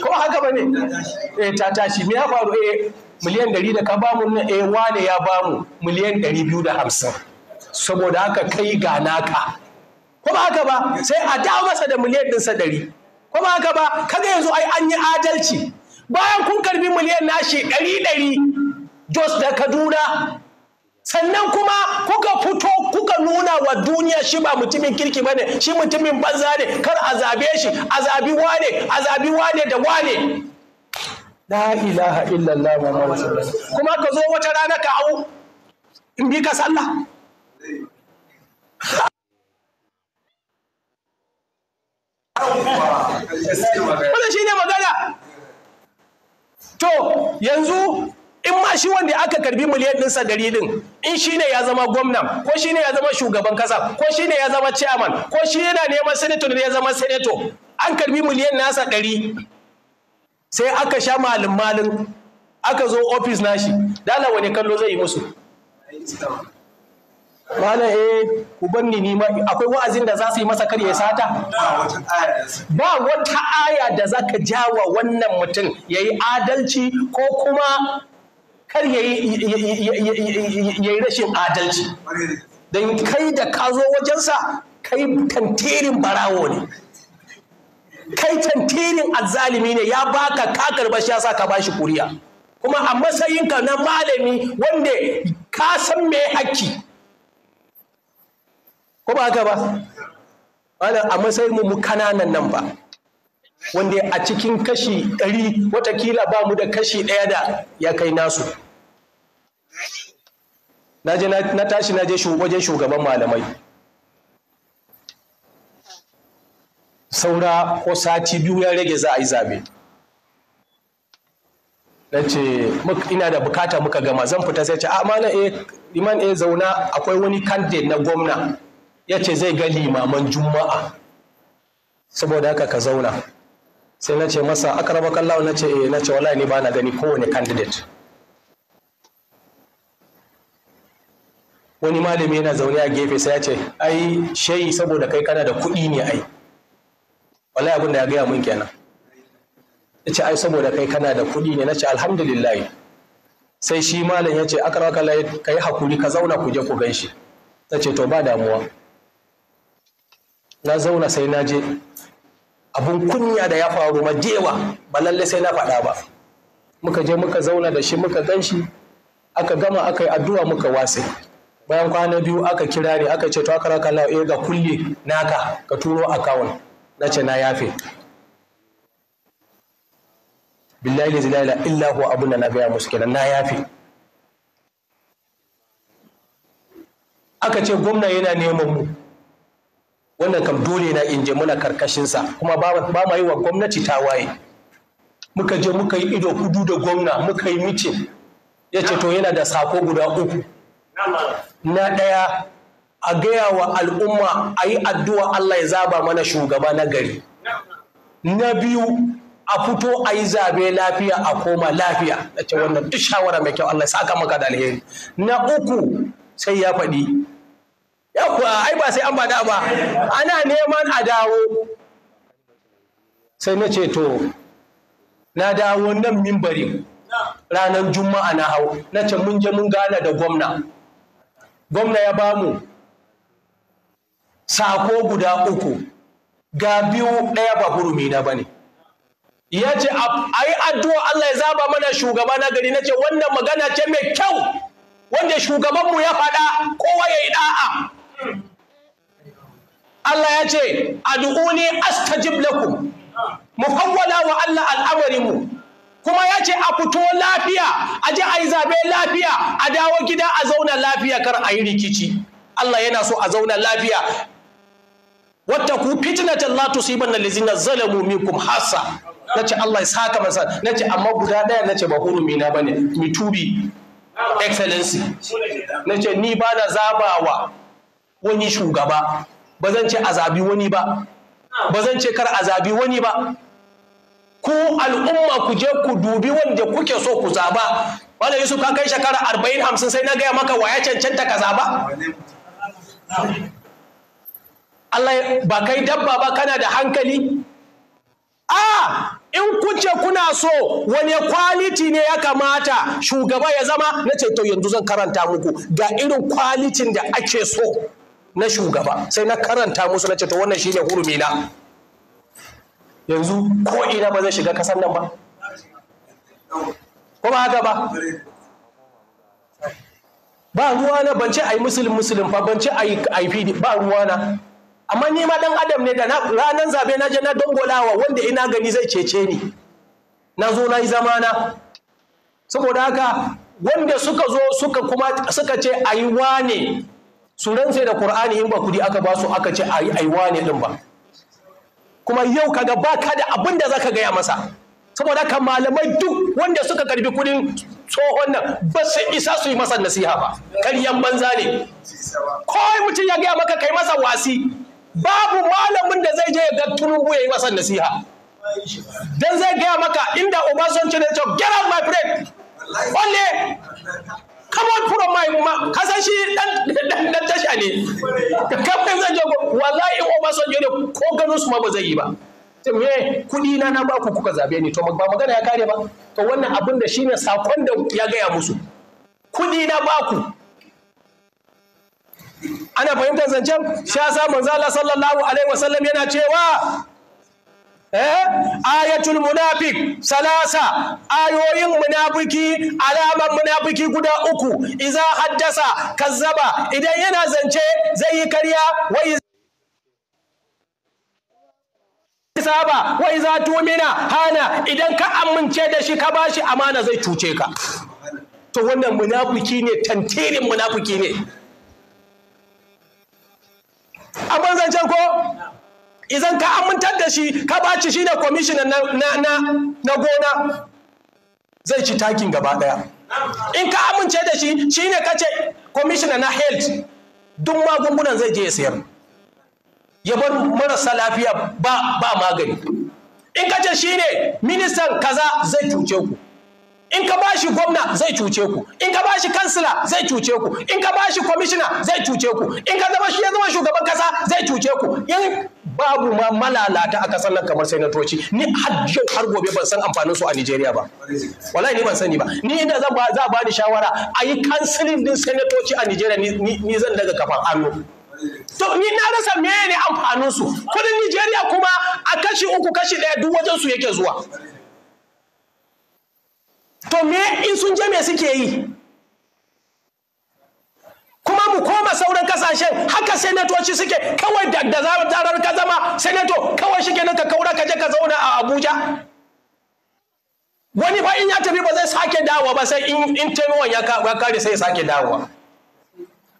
ko haka ba ne eh ta tashi me ya faru eh miliyan ɗari da ka bamu nan eh wane ya bamu miliyan ɗari biyu da hamsin saboda haka kai ga naka ko ba haka ba sai a dawo masa da miliyan ɗinsa ɗari ko ba haka ba kaga yanzu ai an yi adalci bayan kun karbi miliyan nashi ɗari ɗari jos da kaduna sannan kuma kuka fito kuka nuna wa duniya shi ba mutumin kirki bane shi mutumin banza ne kar a zabe shi a zabi wane a zabi wane da wane la ilaha illallah muhammadu kuma ka zo wata rana ka hau in bi ka sallah wannan shine magana to yanzu in ma shi wanda aka karbi miliyan ɗinsa dari din, in shi ne ya zama gwamna ko shi ne ya zama shugaban kasa ko shi ne ya zama chairman ko shi yana neman senator ne ya zama senator an karbi miliyan nasa ɗari sai aka sha malin malin aka zo ofis nashi dala wani kallo zai yi musu Malam eh ku banni ni ma akwai wa'azin da za su yi masa kar ya sata? Ba wata aya da zaka ja jawa wannan mutum yayi adalci ko kuma kar ya yi rashin adalci don kai da ka zo wajensa kai tantirin barawo ne kai tantirin azzalimi ne ya baka ka karba shi yasa ka bashi kuriya kuma a matsayinka na malami wanda ka san me hakki ko ba haka ba a matsayin mu kananan nan ba wanda a cikin kashi ɗari watakila ba mu da kashi ɗaya da ya kai nasu na tashi na je wajen shugaban malamai saura ko sati biyu ya rage za a yi zabe na ce ina da bukata muka gama zan fita sai ce ah, a mana e liman e zauna akwai wani candidate na gwamna ya ce zai ga limaman juma'a saboda haka ka zauna sai na ce masa akaraba kallawa na ce eh na ce wallahi ni ba na gani kowane candidate wani malami yana zaune a gefe sai ya ce ai shayi saboda kai kana da kuɗi ne ai wallahi abin da ya gaya mun kenan ya ce ai saboda kai kana da kuɗi ne na ce alhamdulillah sai shi malam ya ce akaraka ka yi hakuri ka zauna ku je ku gan shi na ce to ba damuwa na zauna sai na je Abin kunya da ya faru majewa ba lalle sai na faɗa ba muka je muka zauna da shi muka gan shi aka gama aka yi addu'a muka wase bayan kwana biyu aka kira ni aka ce to aka raka na eh, ga kulle naka ka turo akawun na ce na yafe billahi la ilaha illa huwa abun da na gaya musu na yafe aka ce gwamna yana neman mu wannan kam dole na in je muna karkashinsa kuma ba ma yi wa gwamnati tawaye muka je muka yi ido kudu da gwamna muka yi mitin ya ce to yana da sako guda uku na ɗaya a gaya wa al'umma a yi addu'a Allah ya zaba mana shugaba na gari na biyu a fito a yi zabe lafiya a koma lafiya na wannan duk shawara mai kyau Allah ya saka maka da alheri na uku sai ya faɗi yakuwa ai ba sai an bada ba ana neman a dawo sai na ce to na dawo nan mimbari ranar juma'a na hau na ce mun je mun gana da gwamna gwamna ya bamu sako guda uku ga biyu ɗaya ba hurumi na bane ya ce a yi addu'a Allah ya zaba mana shugaba na gari na ce wannan magana ce mai kyau wanda shugabanmu ya faɗa kowa ya yi ɗa'a Allah ya ce Adu'uni astajib lakum mu fawwala wa Allah al'amarinmu. kuma ya ce a fito lafiya a ji a yi zaɓe lafiya a dawo gida a zauna lafiya kar a yi rikici Allah yana so a zauna lafiya wata ku fitnatan la tusibanna allazina zalamu minkum hassa ce Allah ya saka masa ce amma guda ɗaya ce ba hurumi na bane mitubi excellency ce ni bana zabawa wani shugaba ba zan ce a zabi wani ba ba zan ce kar a wani ba ku al'umma ku je ku dubi wanda kuke so ku zaba wanda yusuf ka kai shekara arba'in hamsin sai na gaya maka waya cancanta ka zaba Allah ba kai dabba ba kana da hankali a in kuce kuna so wani kwaliti ne ya kamata shugaba ya zama na ce to yanzu zan karanta muku ga irin kwalitin da ake so na shugaba sai na karanta musu na ce to wannan shine hurumi na yanzu ko ina ba zai shiga kasar nan ba ko ba haka ba ba ruwa na ban ce ai musulun musulun fa ban ce ai fidi ba ruwa na amma ni ma dan adam ne da ranar zabe na je na dongolawa wanda ina gani zai cece ni na zo na yi zamana saboda haka wanda suka zo suka kuma suka ce ai wane su sai da ƙur'ani in ba kudi aka ba su aka ce aiwa ne ɗin ba kuma yau kaga ba ka da abin da za ka gaya masa saboda kan malamai duk wanda suka karbi kudin tsohon nan ba su isa su yi masa nasiha ba karyan banza ne kawai mutum ya gaya maka kai masa wasi babu malamin da zai je ya ga tunubu ya yi masa nasiha dan zai gaya maka inda obasanjo ne ce get out my friend wanne kawai furo mai ka san shi dan dan tasha ne kafin zan je wallahi in Obasanjo jere ko ganin su ma ba zai yi ba to me kudi na na baku kuka zabe ni to ba magana ya kare ba to wannan abin da shine sakon da ya gaya musu kudi na baku ana fahimtar zancen sha sa manzo Allah sallallahu alaihi wasallam yana cewa Eh? ayatul munafik salasa ayoyin munafiki alaman munafiki guda uku iza haddasa kazzaba idan yana zance zai yi karya wai saba wai za tumina hana idan ka amince da shi ka bashi amana zai cuce ka to wannan munafiki ne tantirin munafiki ne a zancen ko Izan ka amintar da shi ka baci shi da kwamishinan na gona zai ci takin gaba daya in ka amince da shi shi ne kace na health duk magungunan zai je ya sayar ya bar marasa lafiya ba magani in ka ce shi ne ministan kaza zai cuce ku in ka bashi gwamna zai cuce ku in ka bashi kansila zai cuce ku in ka bashi commissioner zai cuce ku in ka zama shi ya zama shugaban kasa zai cuce ku in babu ma malalata a kasar nan kamar sanatoci ni har yau har gobe ban san amfanin su a Nigeria ba wallahi ni ban sani ba ni inda zan ba za ba ni shawara a yi kansilin din sanatoci a Nigeria ni zan daga kafan hannu to ni na rasa meye ne amfanin su kudin Nigeria kuma a kashi uku kashi ɗaya duk wajen su yake zuwa to me in sun je me suke yi koma sauran kasashen haka senatoci suke kawai da zarar ka zama senato kawai shi ka kaura ka je ka zauna a abuja wani fa in ya tafi ba zai sake dawo ba sai in taimakon ya kare sai ya sake dawowa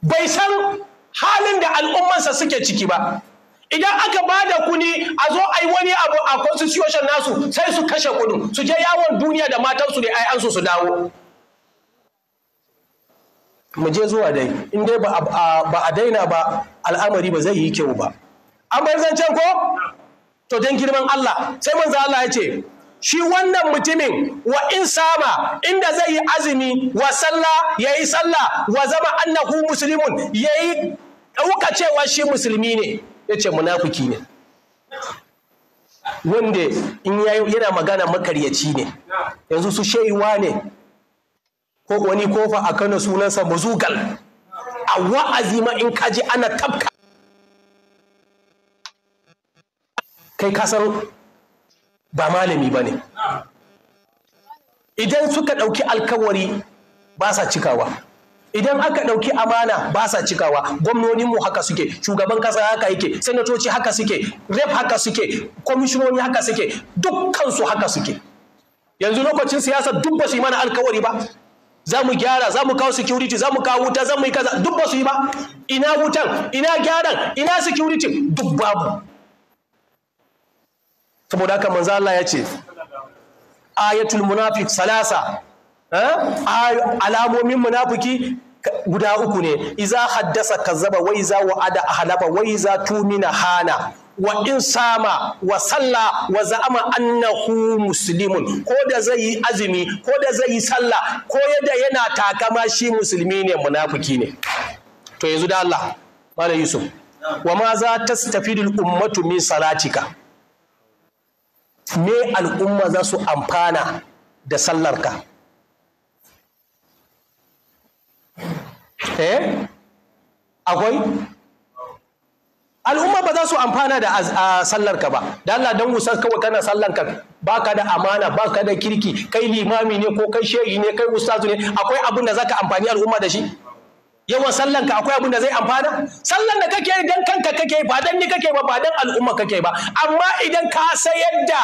bai san halin da al'ummansa suke ciki ba idan aka ba da kuni a zo a yi wani abu a constitution nasu sai su kashe kudin su je yawon duniya da matansu da 'ya'yansu su dawo mu je zuwa dai in dai ba a daina ba al'amari ba zai yi kyau ba an bar can ko to dan girman Allah sai manzo Allah ya ce shi wannan mutumin wa in sama inda zai yi azumi wa sallah yayi sallah wa zama annahu muslimun yayi dauka cewa shi musulmi ne yace munafiki ne wanda in yana magana makaryaci ne yanzu su shewa ne ko wani kofa a Kano sunansa muzugal a wa'azi ma in kaji ana tabka. kai kasar ba malami ba ne idan suka ɗauki alkawari ba sa cikawa idan aka ɗauki amana ba sa cikawa gwamnoninmu haka suke shugaban kasa haka yake sanatoci haka suke rep haka suke kwamishinoni haka suke dukkansu haka suke yanzu lokacin siyasa duk ba su yi mana alkawari ba za mu gyara za mu kawo security za mu kawo wuta za mu yi kaza duk ba su yi ba ina wutan ina gyaran ina security duk babu saboda haka manzo Allah ya ce ayatul munafiq salasa eh? alamomin munafiki guda uku ne iza haddasa kazzaba wa iza wa'ada ahlaba wa iza tumina hana wa in sama wa Sallah, wa za'ama annahu muslimun ko da zai yi azumi ko da zai yi sallah ko yadda yana takama shi musulmi ne munafiki ne to yanzu da Allah malam Yusuf wa ma za ta ummatu min salatika me al'umma za su amfana da sallarka eh akwai al'umma ba za su amfana da sallar ka ba da Allah dan wusa kawai kana sallar ka baka da amana baka da kirki kai limami ne ko kai shehi ne kai ustazu ne akwai abin da zaka amfani al'umma da shi yawan sallan ka akwai abin da zai amfana sallan da kake yi dan kanka kake ba dan ni kake ba ba dan al'umma kake ba amma idan ka sayar da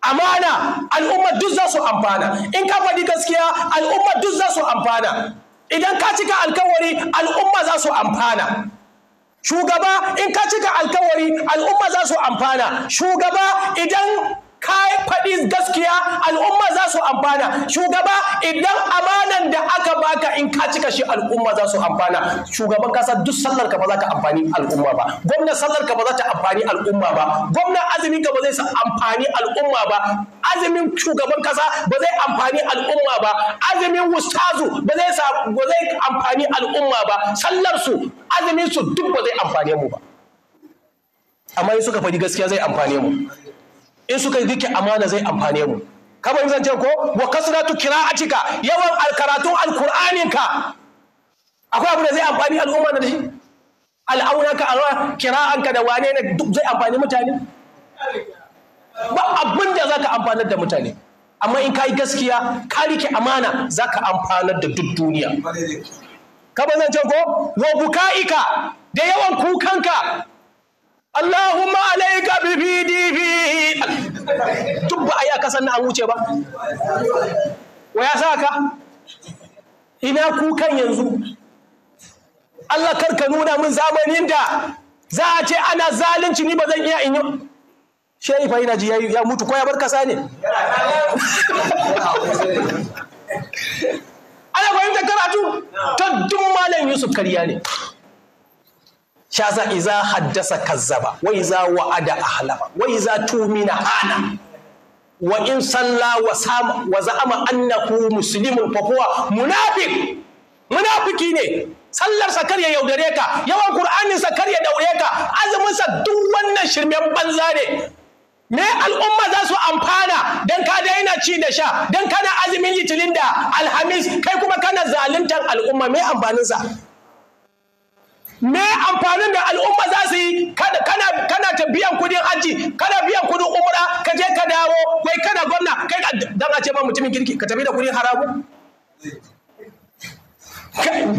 amana al'umma duk za su amfana in ka faɗi gaskiya al'umma duk za su amfana idan ka cika alkawari al'umma za su amfana shugaba in ka cika alkawari al'umma za su amfana shugaba idan kai faɗi gaskiya al'umma za su amfana shugaba idan amanan da aka baka in ka cika shi al'umma za su amfana shugaban kasa duk sallar ka ba za ka amfani al'umma ba gwamna sallar ka ba za ta amfani al'umma ba gwamna azumin ka ba zai amfani al'umma ba azumin shugaban kasa ba zai amfani al'umma ba azumin ustazu ba zai ba zai amfani al'umma ba sallar su azumin su duk ba zai amfane mu ba amma in suka faɗi gaskiya zai amfane mu in suka yi rike amana zai amfane mu kamar zan ce ko wa kasratu qira'atika yawan alkaratun alqur'aninka akwai abu da zai amfani al'umma da shi ka a kira'anka da wane ne duk zai amfani mutane ba abin da zaka amfanar da mutane amma in ka yi gaskiya ka rike amana zaka amfanar da duk duniya kamar zan ce ko wa buka'ika da yawan kukanka Allahumma alaika bi PDP duk ba a yi a kasan an wuce ba wa ya sa ka ina kukan yanzu Allah karka nuna min zamanin da za a ce ana zalunci ni ba zan iya in yi shehi fa ina ji ya mutu ko ya bar kasa ne ana fahimtar karatu ta duk malam Yusuf kariya ne shasa za iza haddasa kazzaba wa iza wa'ada ahlaba wa iza tumina ana wa in salla wa sama wa za'ama annahu muslimun fa huwa munafiq munafiki ne sallar sa kar ya yaudare ka yawan qur'anin sa kar ya daure ka azumin sa duk wannan shirmen banza ne me al'umma za su amfana dan ka daina ci da sha dan kana azumin litinin da alhamis kai kuma kana zaluntar al'umma me amfanin sa me amfanin da al'umma za su yi kana ta biyan kudin hajji kana biyan kudin umra ka je ka dawo wai kana gwamna kai dan a ce ba mutumin kirki ka tafi da kudin haramu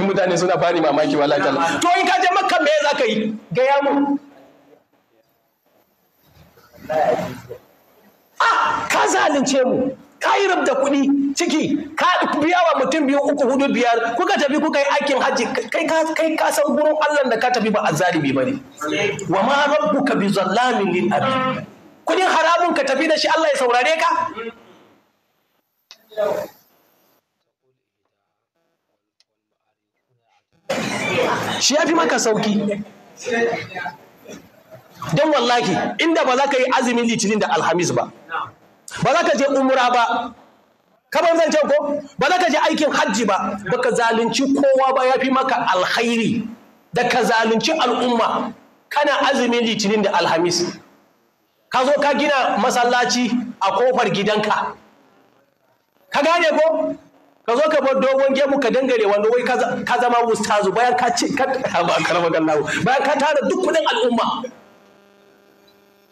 mutane suna bani mamaki wallahi ta to in ka je makka me za ka yi ga ya mu ah ka zalunce mu yi da kuɗi ciki ka biya wa mutum biyu uku hudu biyar kuka tafi kuka yi aikin hajji kai ka kai san gurin Allah da ka tafi ba azzalimi bane wa ma rabbuka bi zallamin lil abi kudin haramun ka tafi da shi Allah ya saurare ka shi ya fi maka sauki don wallahi inda ba za ka yi azumin litinin da alhamis ba ba za ka je umra ba kaban zan ko ba za ka je aikin hajji ba ba ka zalunci kowa ba ya fi maka alkhairi da ka zalunci al'umma kana azumin litinin da alhamis ka zo ka gina masallaci a kofar gidanka ka gane ko ka zo ka bar dogon gemu ka dangare wanda wai ka zama ustazu bayan ka ce ka ba karama gallahu bayan ka tara duk kudin al'umma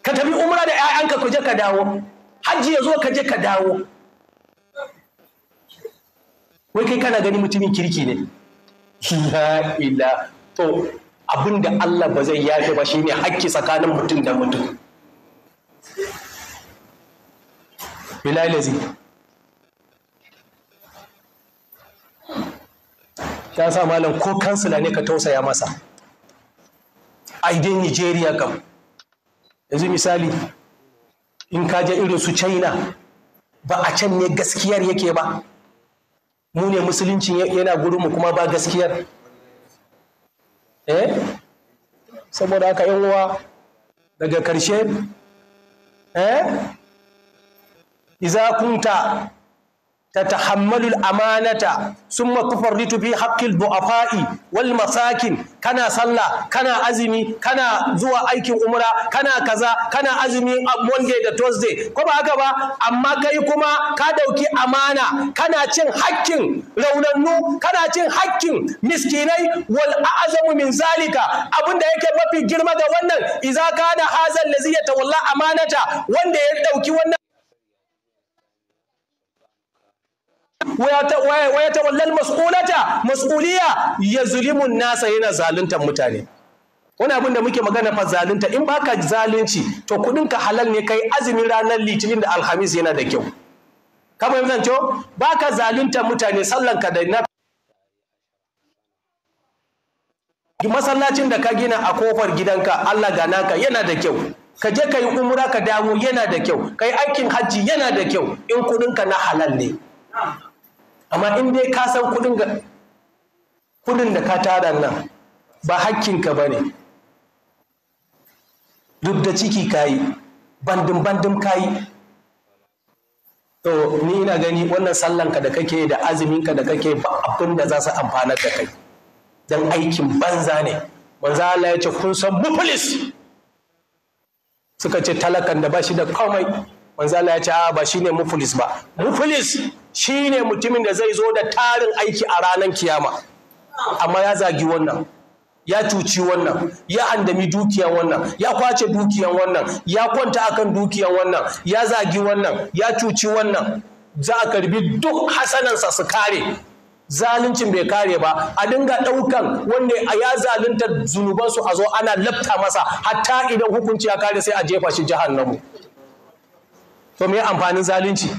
ka tafi umra da 'ya'yanka ku je ka dawo hajji ya zo ka je ka dawo wai kai kana gani mutumin kirki ne ya ila to abin Allah ba zai yafe ba shine hakki tsakanin mutum da mutum bilalazi ta sa malam ko kansila ne ka tausaya masa a idan nigeria kam yanzu misali in ka je irin su china ba a can ne gaskiyar yake ba mu ne musulunci yana mu kuma ba gaskiyar eh saboda haka yan uwa daga karshe eh iza kunta تتحمل الأمانة ثم تفرط في حق الضعفاء والمساكين كنا صلى كنا أزمي كنا زوا أيك عمرة كنا كذا كنا أزمي Monday da Thursday ko ba haka ba amma kai kuma ka dauki amana kana cin hakkin raunannu kana cin hakkin miskinai wal a'zamu min zalika abinda yake mafi girma ga wannan idza kana hazal ladzi yatawalla amanata wanda ya dauki wannan waya tawallal mas'ulata mas'uliya ya zulimun nasa yana zaluntar mutane wani abin da muke magana fa zalunta in baka zalunci to kudin ka halal ne kai azumin ranar litinin da alhamis yana da kyau kamar yanzu zance baka zalunta mutane sallan ka da na masallacin da ka gina a kofar gidanka Allah ga naka yana da kyau ka je ka yi umura ka dawo yana da kyau ka yi aikin hajji yana da kyau in kudinka na halal ne amma in dai ka san kudin da ka tara nan ba hakkinka ba ne duk da ciki ka yi bandin-bandin ka yi to ni ina gani wannan sallanka da kake da azuminka da kake ba abin da za su amfanar da kai don aikin banza ne manzo Allah ya ce kun san mufulis suka ce talakan da ba shi da komai manzo Allah ya ce a ba ne mufulis ba mufulis Shi ne mutumin da zai zo da tarin aiki a ranar kiyama amma ya zagi wannan ya cuci wannan ya andami dukiyan wannan ya kwace dukiyan wannan ya kwanta akan dukiyan wannan ya zagi wannan ya cuci wannan za a karbi duk hasanansa su kare zaluncin bai kare ba a dinga ɗaukan wanda a ya zalunta zunubansu a zo ana lafta masa hatta idan hukunci ya kare sai a jefa shi jahannamu to me amfanin zalunci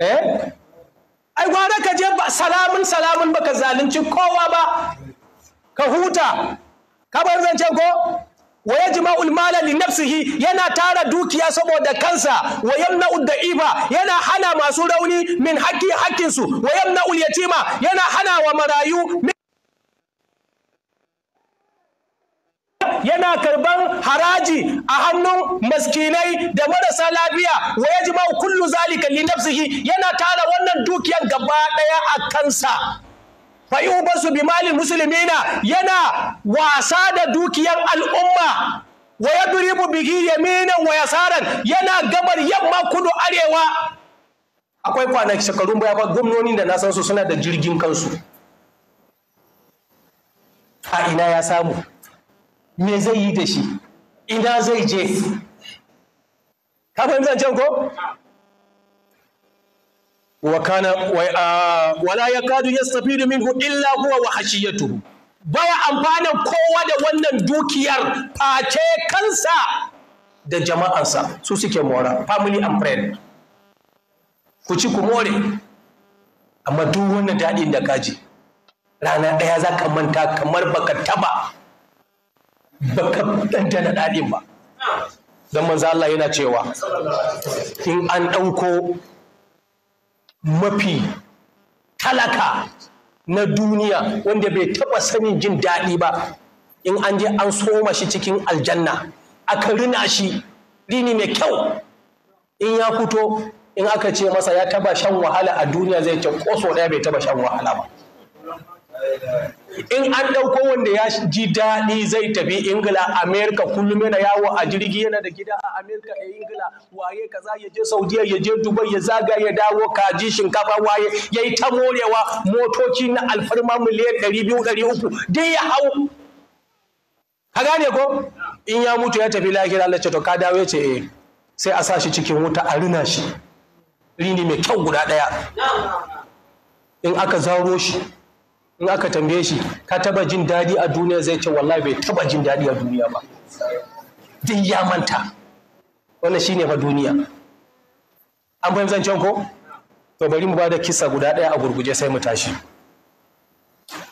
eh ai gwara ka je salamun salamun baka zalunci kowa ba ka huta ka bar zance ko wa yajma'ul mala li nafsihi yana tara dukiya saboda kansa wa yamna'u da'ifa yana hana masu rauni min haqqi haqqin su wa yamna'ul yatima yana hana wa marayu yana karban haraji a hannun maskinai da marasa lafiya wa ya jima kullu zalika li nafsihi yana tara wannan dukiyar gaba daya a kansa fayubansu bi malin musulmina yana wasa da dukiyar al'umma wa yadribu bihi yaminan wa yasaran yana gabar yamma kudu arewa akwai kwanaki shekarun baya ba gwamnoni da na san su suna da jirgin kansu a ina ya samu me zai yi da shi ina zai je ka fahimci zancen ko wa kana ya yakadu yastafidu minhu illa huwa wa hashiyatu baya amfana kowa da wannan dukiyar face kansa da jama'ansa su suke mora family and friend ku ci ku more amma duk wannan daɗin da kaji rana ɗaya za ka manta kamar baka taba baka dandana daɗin ba don manzo Allah yana cewa in an ɗauko mafi talaka na duniya wanda bai taɓa sanin jin daɗi ba in an je an soma shi cikin aljanna aka rina shi dini mai kyau in ya fito in aka ce masa ya taba shan wahala a duniya zai ce koso ɗaya bai taba shan wahala ba in an ɗauko wanda ya ji daɗi zai tafi ingila amerika kullum yana yawo a jirgi yana da gida a amerika a ingila waye kaza ya je saudiya ya je dubai ya zaga ya dawo kaji shinkafa waye ya yi ta morewa motoci na alfarma miliyan ɗari biyu ɗari uku dai ya hau ka gane ko in ya mutu ya tafi lahira Allah to ka dawo ya ce eh sai a sa shi cikin wuta a rina shi rini mai kyau guda ɗaya in aka zaro shi in aka tambaye shi ka taba jin daɗi a duniya zai ce wallahi bai taba jin daɗi a duniya ba duk ya manta wannan shine fa duniya an fahimci zancen ko to bari mu bada kisa guda ɗaya a gurguje sai mu tashi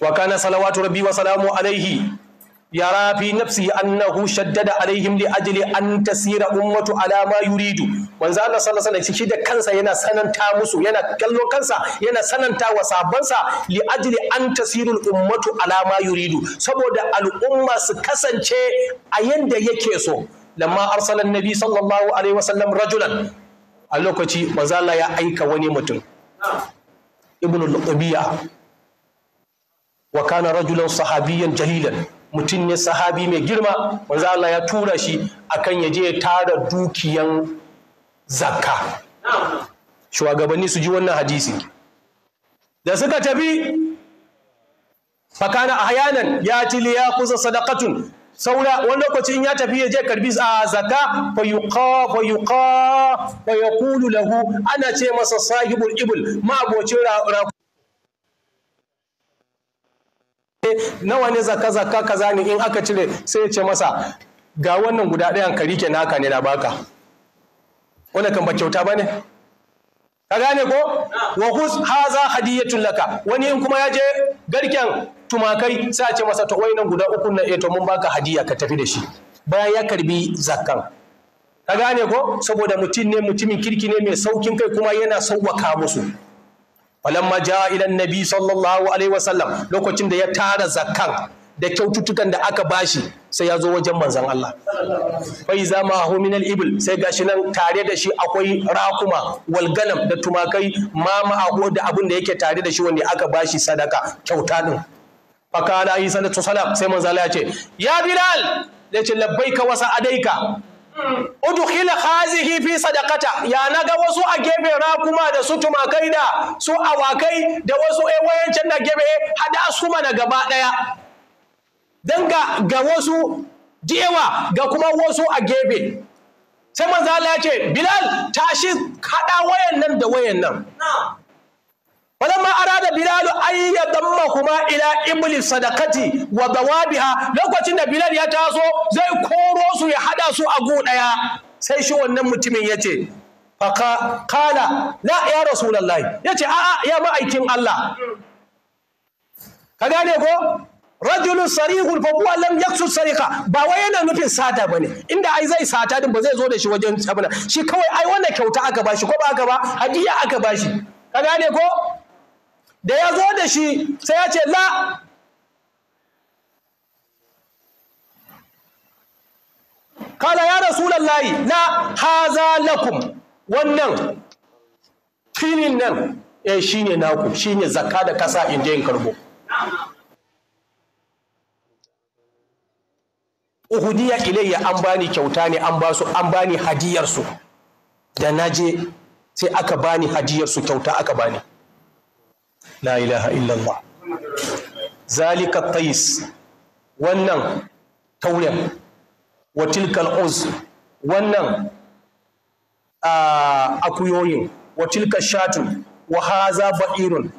wa kana salawatu rabbi wa salamu alaihi yara fi nafsi annahu shaddada alaihim li ajli an tasira ummatu ala ma yuridu manzo Allah sallallahu alaihi wasallam shi da kansa yana sananta musu yana kallon kansa yana sananta wa sabansa li ajli an tasirul ummatu ala ma yuridu saboda al'umma su kasance a yanda yake so lamma arsala annabi sallallahu alaihi wasallam rajulan a lokaci manzo Allah ya aika wani mutum ibnu al wa kana rajulan sahabiyan jalilan mutum ne sahabi mai girma wanzu Allah ya tura shi akan ya je tara dukiyan zakka shugabanni su ji wannan hadisi da suka tafi fakana hayanan ya ci liya kusa sadakatun saura wani lokacin ya tafi ya je karbi a zaka fa yuqa fa yuqa fa lahu ana ce masa sahibul ibul ma abocin nawa ne zaka ka kaza ne in aka cire sai ya ce masa ga wannan guda ɗayan ka rike naka ne na baka wanda kan ba kyauta ba ne? ka gane ko wa hus haza hadiyatun laka wani in kuma ya je garken tumakai sai ya ce masa to nan guda uku na eh mun baka hadiya ka tafi da shi bayan ya karbi zakkan ka gane ko saboda mutum ne mutumin kirki ne mai saukin kai kuma yana sauwaka musu falamma maja ila nabi sallallahu alaihi wasallam lokacin da ya tara zakkan da kyaututtukan da aka bashi sai ya zo wajen manzan Allah fai zama hu min ibil sai gashi nan tare da shi akwai rakuma wal da tumakai ma ako da abin da yake tare da shi wanda aka bashi sadaka kyauta din fakala isa da salam sai manzan Allah ya ce ya bilal ya ce labbaika wa sa'adaika udkhila khazihi fi sadaqata ya naga wasu a ra rakuma da su tumakai da su awakai da wasu eh wayancin da gefe eh, hada su mana gaba daya dan ga wasu diyawa ga kuma wasu a gefe sai manzo ce Bilal tashi hada wayannan da wayannan na'am فلما أراد بلال أن يضمهما إلى إبل صدقتي وضوابها Lokacin da Bilal ya taso zai koro su ya haɗa su a go daya sai shi wannan mutumin yace faka kala la ya rasulullahi yace a'a ya ma'aikin Allah ka gane ko rajulun sarihul fa huwa lam yaksu ba wai yana nufin sata bane inda ai zai sata din ba zai zo da shi wajen shi kawai ai wannan kyauta aka bashi ko ba aka ba hadiya aka ka gane ko da ya zo da shi sai ya ce la kala ya rasulallahi la haza lakum wannan filin nan eh shine naku shine zakka da kasa in je in karbo uhudiya ilayya an bani kyauta ne an basu an bani hadiyar su da naje sai aka bani hadiyar su kyauta aka bani la ilaha illallah zalika tais wannan taurin wa tilkal uz wannan akuyoyin wa tilka shatun wa haza ba'irun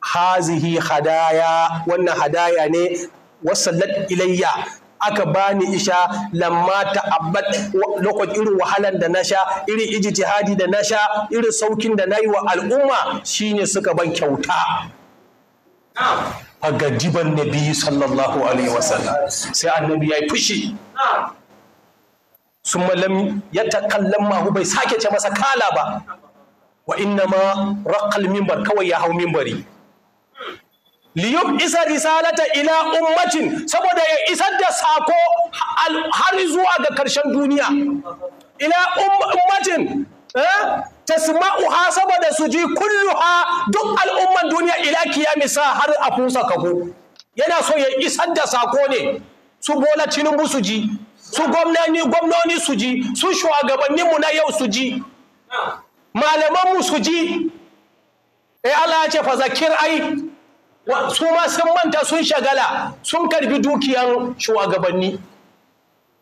hazihi hadaya wannan hadaya ne wasallat ilayya aka bani isha lamma ta'abbat lokacin irin wahalan da na sha irin ijtihadi da na sha irin saukin da na yi wa al'umma shine suka ban kyauta gajiban nabi sallallahu alaihi wasallam sai annabi ya yi fushi sun malam ya takallan mahu bai sake ce masa kala ba wa inna ma raƙal mimbar kawai ya hau mimbari liyub isa risalata ila ummatin saboda ya isar da sako har zuwa ga karshen duniya ila ummatin eh, tasma'uha saboda su ji kulluha duk al'umman duniya ila kiyamisa har a kusa kafu yana so ya isar da sako ne su bola tinubu su ji su gwamnoni su ji su shugabanninmu na yau su ji malamanmu su ji eh Allah ya ce fa zakir ai su ma sun manta sun shagala sun karbi dukiyar shugabanni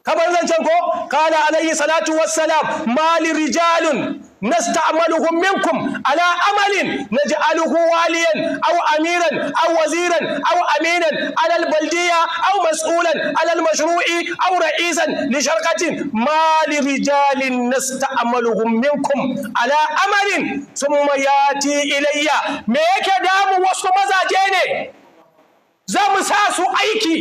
kamar zancen ko kala alayhi salatu wassalam mali rijalun nasta'maluhum minkum ala amalin naj'aluhu waliyan aw amiran aw waziran aw aminan ala albaldiya aw mas'ulan ala almashru'i aw ra'isan li sharqatin mali rijalin nasta'maluhum minkum ala amalin thumma yati ilayya me yake damu wasu mazaje ne za mu sa su aiki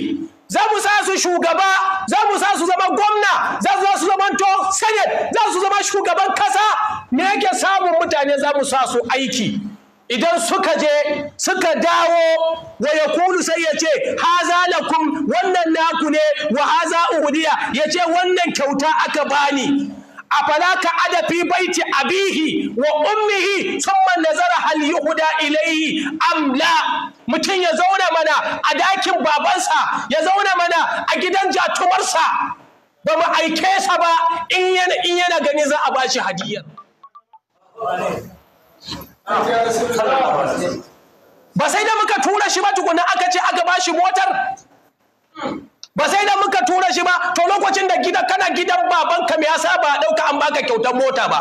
za mu sa su shugaba za mu sa su zama gwamna za su zama to senate za su zama shugaban kasa me yake samun mutane za mu sa su aiki idan suka je suka dawo wa ya kulu sai ya ce haza lakum wannan naku ne wa haza uhudiya ya ce wannan kyauta aka bani afala ka ada fi baiti abihi wa ummihi thumma nazara hal yuhda ilayhi am la mutum ya zauna mana a dakin babansa ya zauna mana a gidan jatumarsa ba mu aike sa ba in yana in yana gani za a bashi hadiyar ba sai da muka tura shi ba tukuna aka ce aka bashi motar ba sai da muka tura shi ba to lokacin da gida kana gidan babanka me yasa ba dauka an baka kyautar mota ba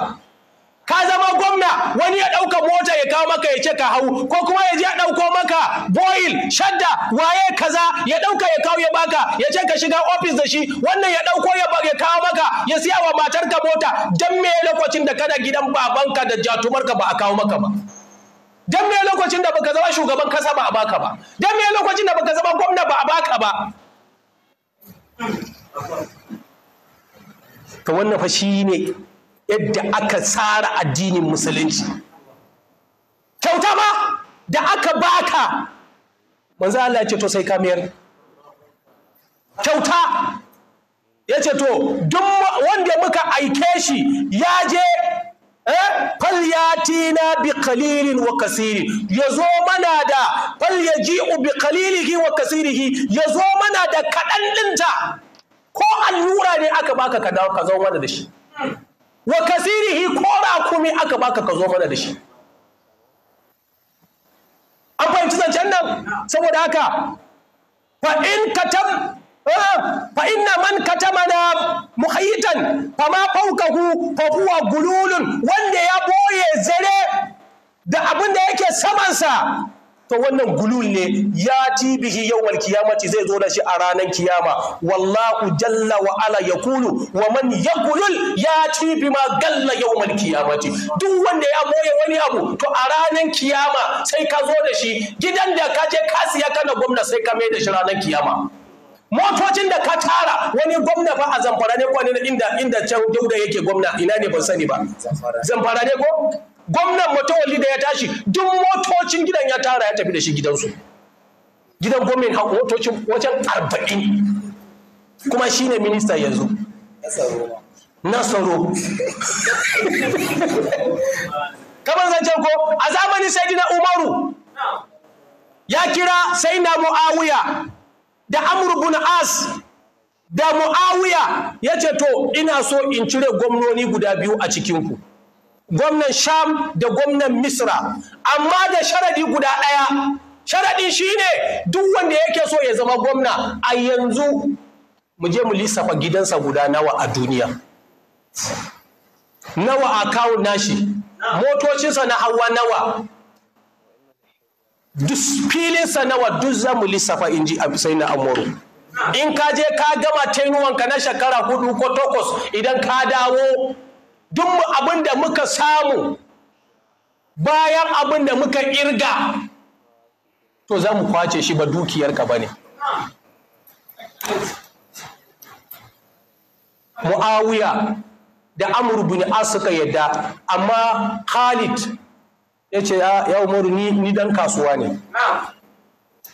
ka zama gwamna wani ya dauka mota ya kawo maka ya ce ka hau ko kuma ya je ya dauko maka boil shadda waye kaza ya dauka ya kawo ya baka ya ce ka shiga office da shi wannan ya dauko ya kawo maka ya siya wa matarka mota dan me lokacin da kana gidan babanka da jatumarka ba a kawo maka ba dan me lokacin da baka zama shugaban kasa ba a baka ba dan me lokacin da baka zama gwamna ba a baka ba ta wannan fa shi ne yadda aka tsara addinin musulunci kyauta ma da aka baka manzo Allah ya ce to sai ka miyar. kyauta ya ce to duk wanda muka aike shi ya je Eh, falyatina bi qalilin wa kasiri yazo mana da falyaji'u bi qalilihi wa kasirihi yazo mana da kaɗan ɗinta ko allura ne aka baka ka ka zo mana da shi wa kasirihi ko rakumi aka baka ka zo mana da shi an fahimci zancen nan saboda haka fa in katam Ah, fa inna man katamana muhayitan fama faukahu fa huwa gululun wanda ya boye zare da abin da yake samansa to wannan gulul ne ya ti bihi yawmal kiyamati zai zo da shi a ranar kiyama wallahu jalla wa ala yaqulu wa man yaqulul ya ti ma galla yawmal kiyamati duk wanda ya boye wani abu to a ranar kiyama sai ka zo da shi gidan da ka je kasiya kana gwamna sai ka mai da shi ranar kiyama motocin da ka tara wani gwamna ba a zamfara ne ko inda inda can dauda yake gwamna ina ne ban sani ba zamfara ne ko gwamnan matawalli da ya tashi duk motocin gidan ya tara ya tafi da shi gidansu gidan gwamnan motocin wajen arba'in kuma shi ne minista yanzu na tsaro kamar zancen ko a zamanin sai umaru ya kira sai na mu'awuya da Amurbin as da mu'awiya ya ce to ina so in cire gwamnoni guda biyu a cikinku gwamnan sham da gwamnan misra amma da sharadi guda ɗaya shi shine duk wanda yake so ya zama gwamna a yanzu mu je mu lissafa gidansa guda nawa a duniya nawa a kawun nashi motocinsa na hawa nawa duk filinsa nawa duk za mu lissafa in ji sai na amuru in ka je ka gama tainuwanka na shekara hudu ko takwas idan ka dawo duk abin da muka samu bayan abin da muka irga to za mu kwace shi ba dukiyarka ba ne mu'awiya da amur bin as suka yadda amma khalid ya ce ah, ya umaru ni dan kasuwa ne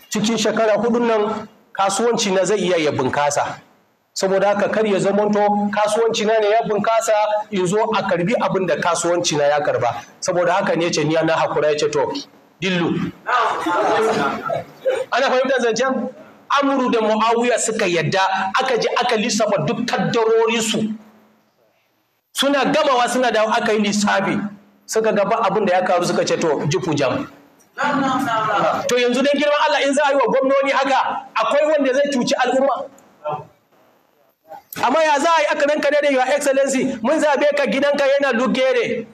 cikin shekara hudun nan kasuwanci na zai iya ya bunkasa saboda haka kar ya zamanto kasuwanci na ne ya bunkasa in zo a karbi abin da kasuwanci na ya karba saboda haka ne ce ni na hakura ya ce to dillu ana fahimtar zancen amuru da muawiya suka yadda aka je aka lissafa duk kaddarorinsu suna gamawa suna da aka yi lissafi suka gaba abin da ya karu suka ce to jifu jam to yanzu dai girman Allah in za a yi wa gwamnoni haka akwai wanda zai cuci al'umma amma ya za a yi aka ranka da your excellency mun zabe ka gidanka yana lugere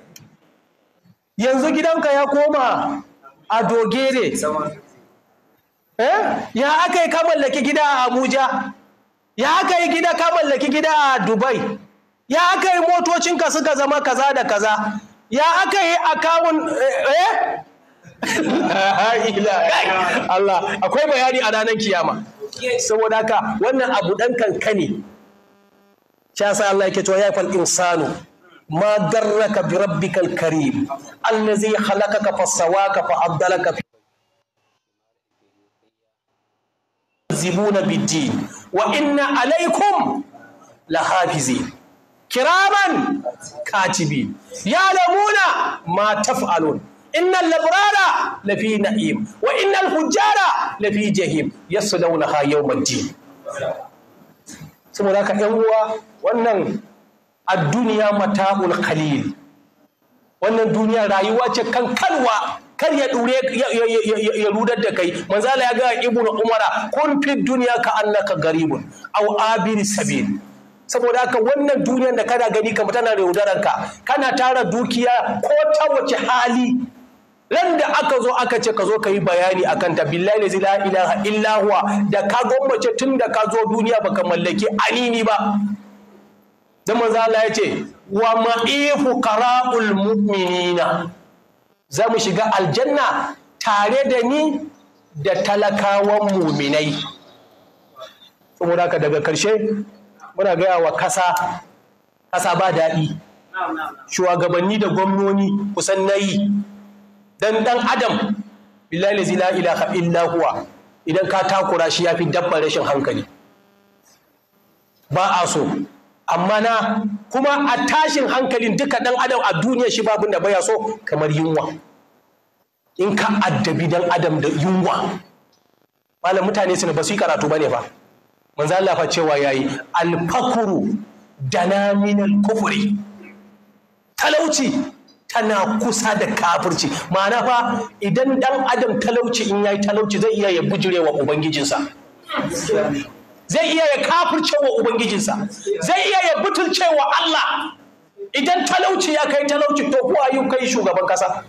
yanzu gidanka ya koma a dogere eh? ya aka yi ka mallaki gida a abuja ya aka yi gida ka mallaki gida a dubai ya aka yi motocinka suka zama kaza da kaza ya aka yi akawun eh, eh? Allah akwai bayani a ranar kiyama saboda haka wannan abu dan kankani shi sa Allah yake cewa ya insanu ma darraka bi rabbikal karim allazi khalaqaka fasawaka fa abdalaka zibuna biddin wa inna alaikum lahafizin kiraman katibi yalamuna ma taf'alun innal labrara lafi na'im wa innal fujjara lafi jahim yaslawnaha yawmal din saboda haka 'yan uwa wannan ad-dunya mata'ul qalil wannan duniya rayuwa ce kankanwa kar ya dure ya rudar da kai manzala ya ga ibnu umara kun fi dunya ka annaka garibun aw abir sabil saboda haka wannan duniyar da kana gani kamar tana yaudarar ka kana tara dukiya ko ta wace hali ran da aka zo aka ce ka zo ka yi bayani a kanta billahi la ilaha illa da ka gwammace tun da ka zo duniya baka mallaki anini ba da maza Allah ya ce wa ifu qara'ul mu'minina za mu shiga aljanna tare da ni da talakawan muminai saboda haka daga karshe muna gaya wa kasa kasa ba daɗi shugabanni da gwamnoni kusan nayi dan dan adam billahi zila ilaha illa huwa idan ka takura shi ya fi dabba rashin hankali ba a so amma na kuma a tashin hankalin duka ɗan adam a duniya shi babu da baya so kamar yunwa in ka addabi dan adam da yunwa malam mutane ne ba su yi karatu ba ne ba. manzo Allah fa cewa yayi alfakuru dana min al-kufri talauci tana kusa da kafirci ma'ana fa idan dan adam talauci in yayi talauci zai iya ya bujurewa ubangijinsa zai iya ya wa ubangijinsa zai iya ya wa Allah idan talauci ya kai talauci to ko ayu kai shugaban kasa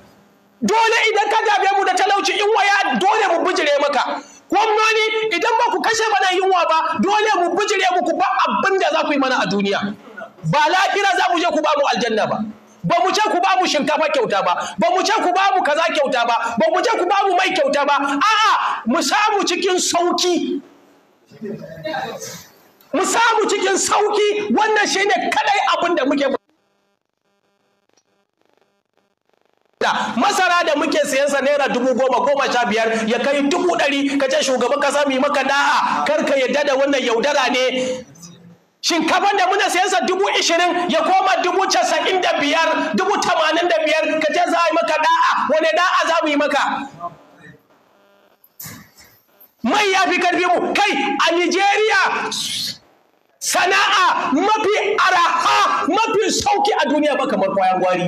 dole idan ka dabe mu da talauci in waya dole mu bujire maka gwamnoni idan ba ku kashe mana yunwa ba dole mu bijire muku ba abin da za ku yi mana a duniya ba lafira za mu je ku ba mu aljanna ba ba mu ce ku ba mu shinkafa kyauta ba ba mu ce ku ba mu kaza kyauta ba ba mu ce ku ba mu mai kyauta ba a'a mu samu cikin sauki mu samu cikin sauki wannan shine kadai abin da muke da masara da muke siyan sa naira dubu goma goma sha biyar ya kai dubu ɗari ka ce shugaban kasa mai maka da'a kar ka yarda da wannan yaudara ne shinkafan da muna siyan sa dubu ishirin ya koma dubu casa'in da biyar dubu tamanin da biyar ka ce za a yi maka da'a wane da'a za mu yi maka mai ya fi karfi mu kai a nigeria sana'a mafi araha mafi sauki a duniya ba kamar kwayan gwari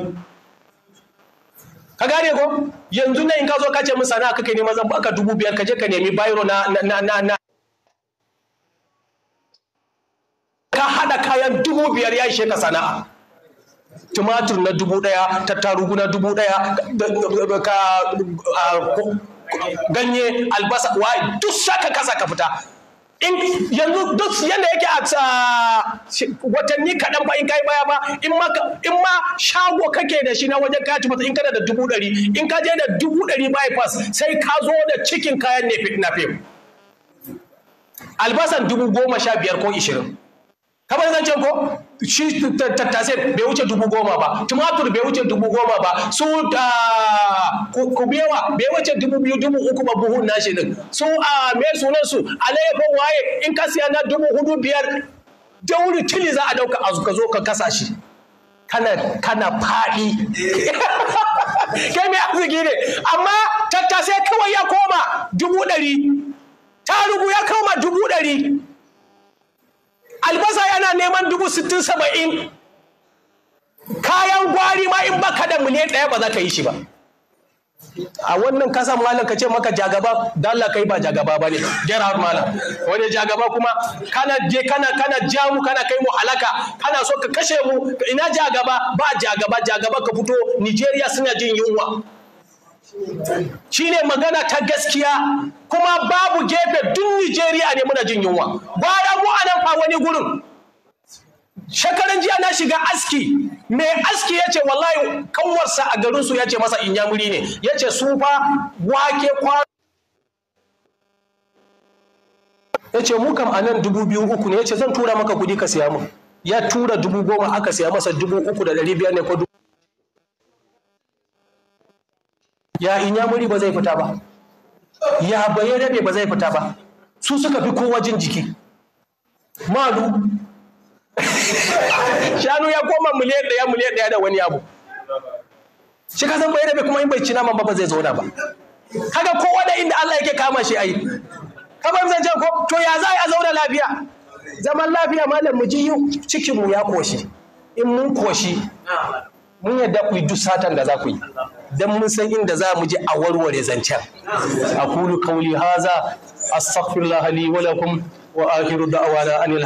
ka gane ko yanzu nan in ka zo ka ce min sana'a kai nema zan baka dubu biyar ka je ka nemi bayro na na na na ka hada kayan dubu biyar ya ishe ka sana'a tumatur na dubu daya tattarugu na dubu daya ka ganye albasa wa duk saka kasa ka fita in yanzu duk yadda yake a watanni kaɗan ba in kai baya ba in ma shago kake da shi na wajen kaci masa in kana da dubu ɗari in ka je da dubu ɗari bypass sai ka zo da cikin kayan ne na fim albasan dubu goma sha biyar ko ishirin kamar zancen ko shi tattase bai wuce dubu goma ba tumatur bai wuce dubu goma ba su ah, kubewa bai wuce dubu biyu dubu uku ba buhun nashi din su a ah, me sunan su alayyafin waye in ka siya na dubu hudu biyar da wuri tili za a dauka a ka zo ka kasa shi kana kana faɗi kai mai arziki ne amma tattasai kawai ya koma dubu ɗari tarugu ya koma dubu ɗari albasa yana neman dubu sittin saba'in kayan gwari ma in baka da miliyan ɗaya ba za ka yi shi ba a wannan kasan malam ka ce maka jagaba dalla kai ba jagaba ba ne gera malam wani jagaba kuma kana je kana kana jamu kana kai mu halaka kana so ka kashe mu ina jagaba ba jagaba jagaba ka fito Nigeria suna jin yunwa shine magana ta gaskiya kuma babu gefe duk Nigeria ne muna jin yunwa gwada mu anan fa wani gurin shekaran jiya na shiga aski Me aski ya ce wallahi kanwarsa a garinsu ya ce masa inyamuri ne ya ce su fa wake kwa ya ce mu kam a nan dubu biyu uku ne ya ce zan tura maka kudi ka siya mun ya tura dubu goma aka siya masa dubu uku da ɗari biyar ne ko dubu ya in ya muri ba zai fita ba ya baye rabe ba zai fita ba su suka fi kowa jin jiki malu shanu ya koma miliyan daya miliyan daya da wani abu shi ka san baye rabe kuma in bai ci naman ba ba zai zauna ba kaga kowa da inda Allah yake kama shi ayi kamar ce ko to ya za a zauna lafiya zaman lafiya malam mu ji cikin mu ya koshi in mun koshi mun yadda ku yi duk satan da za ku yi dan mun san inda za mu je a warware zancen aqulu qawli hadha astaghfirullah li wa lakum wa akhiru da'wana anil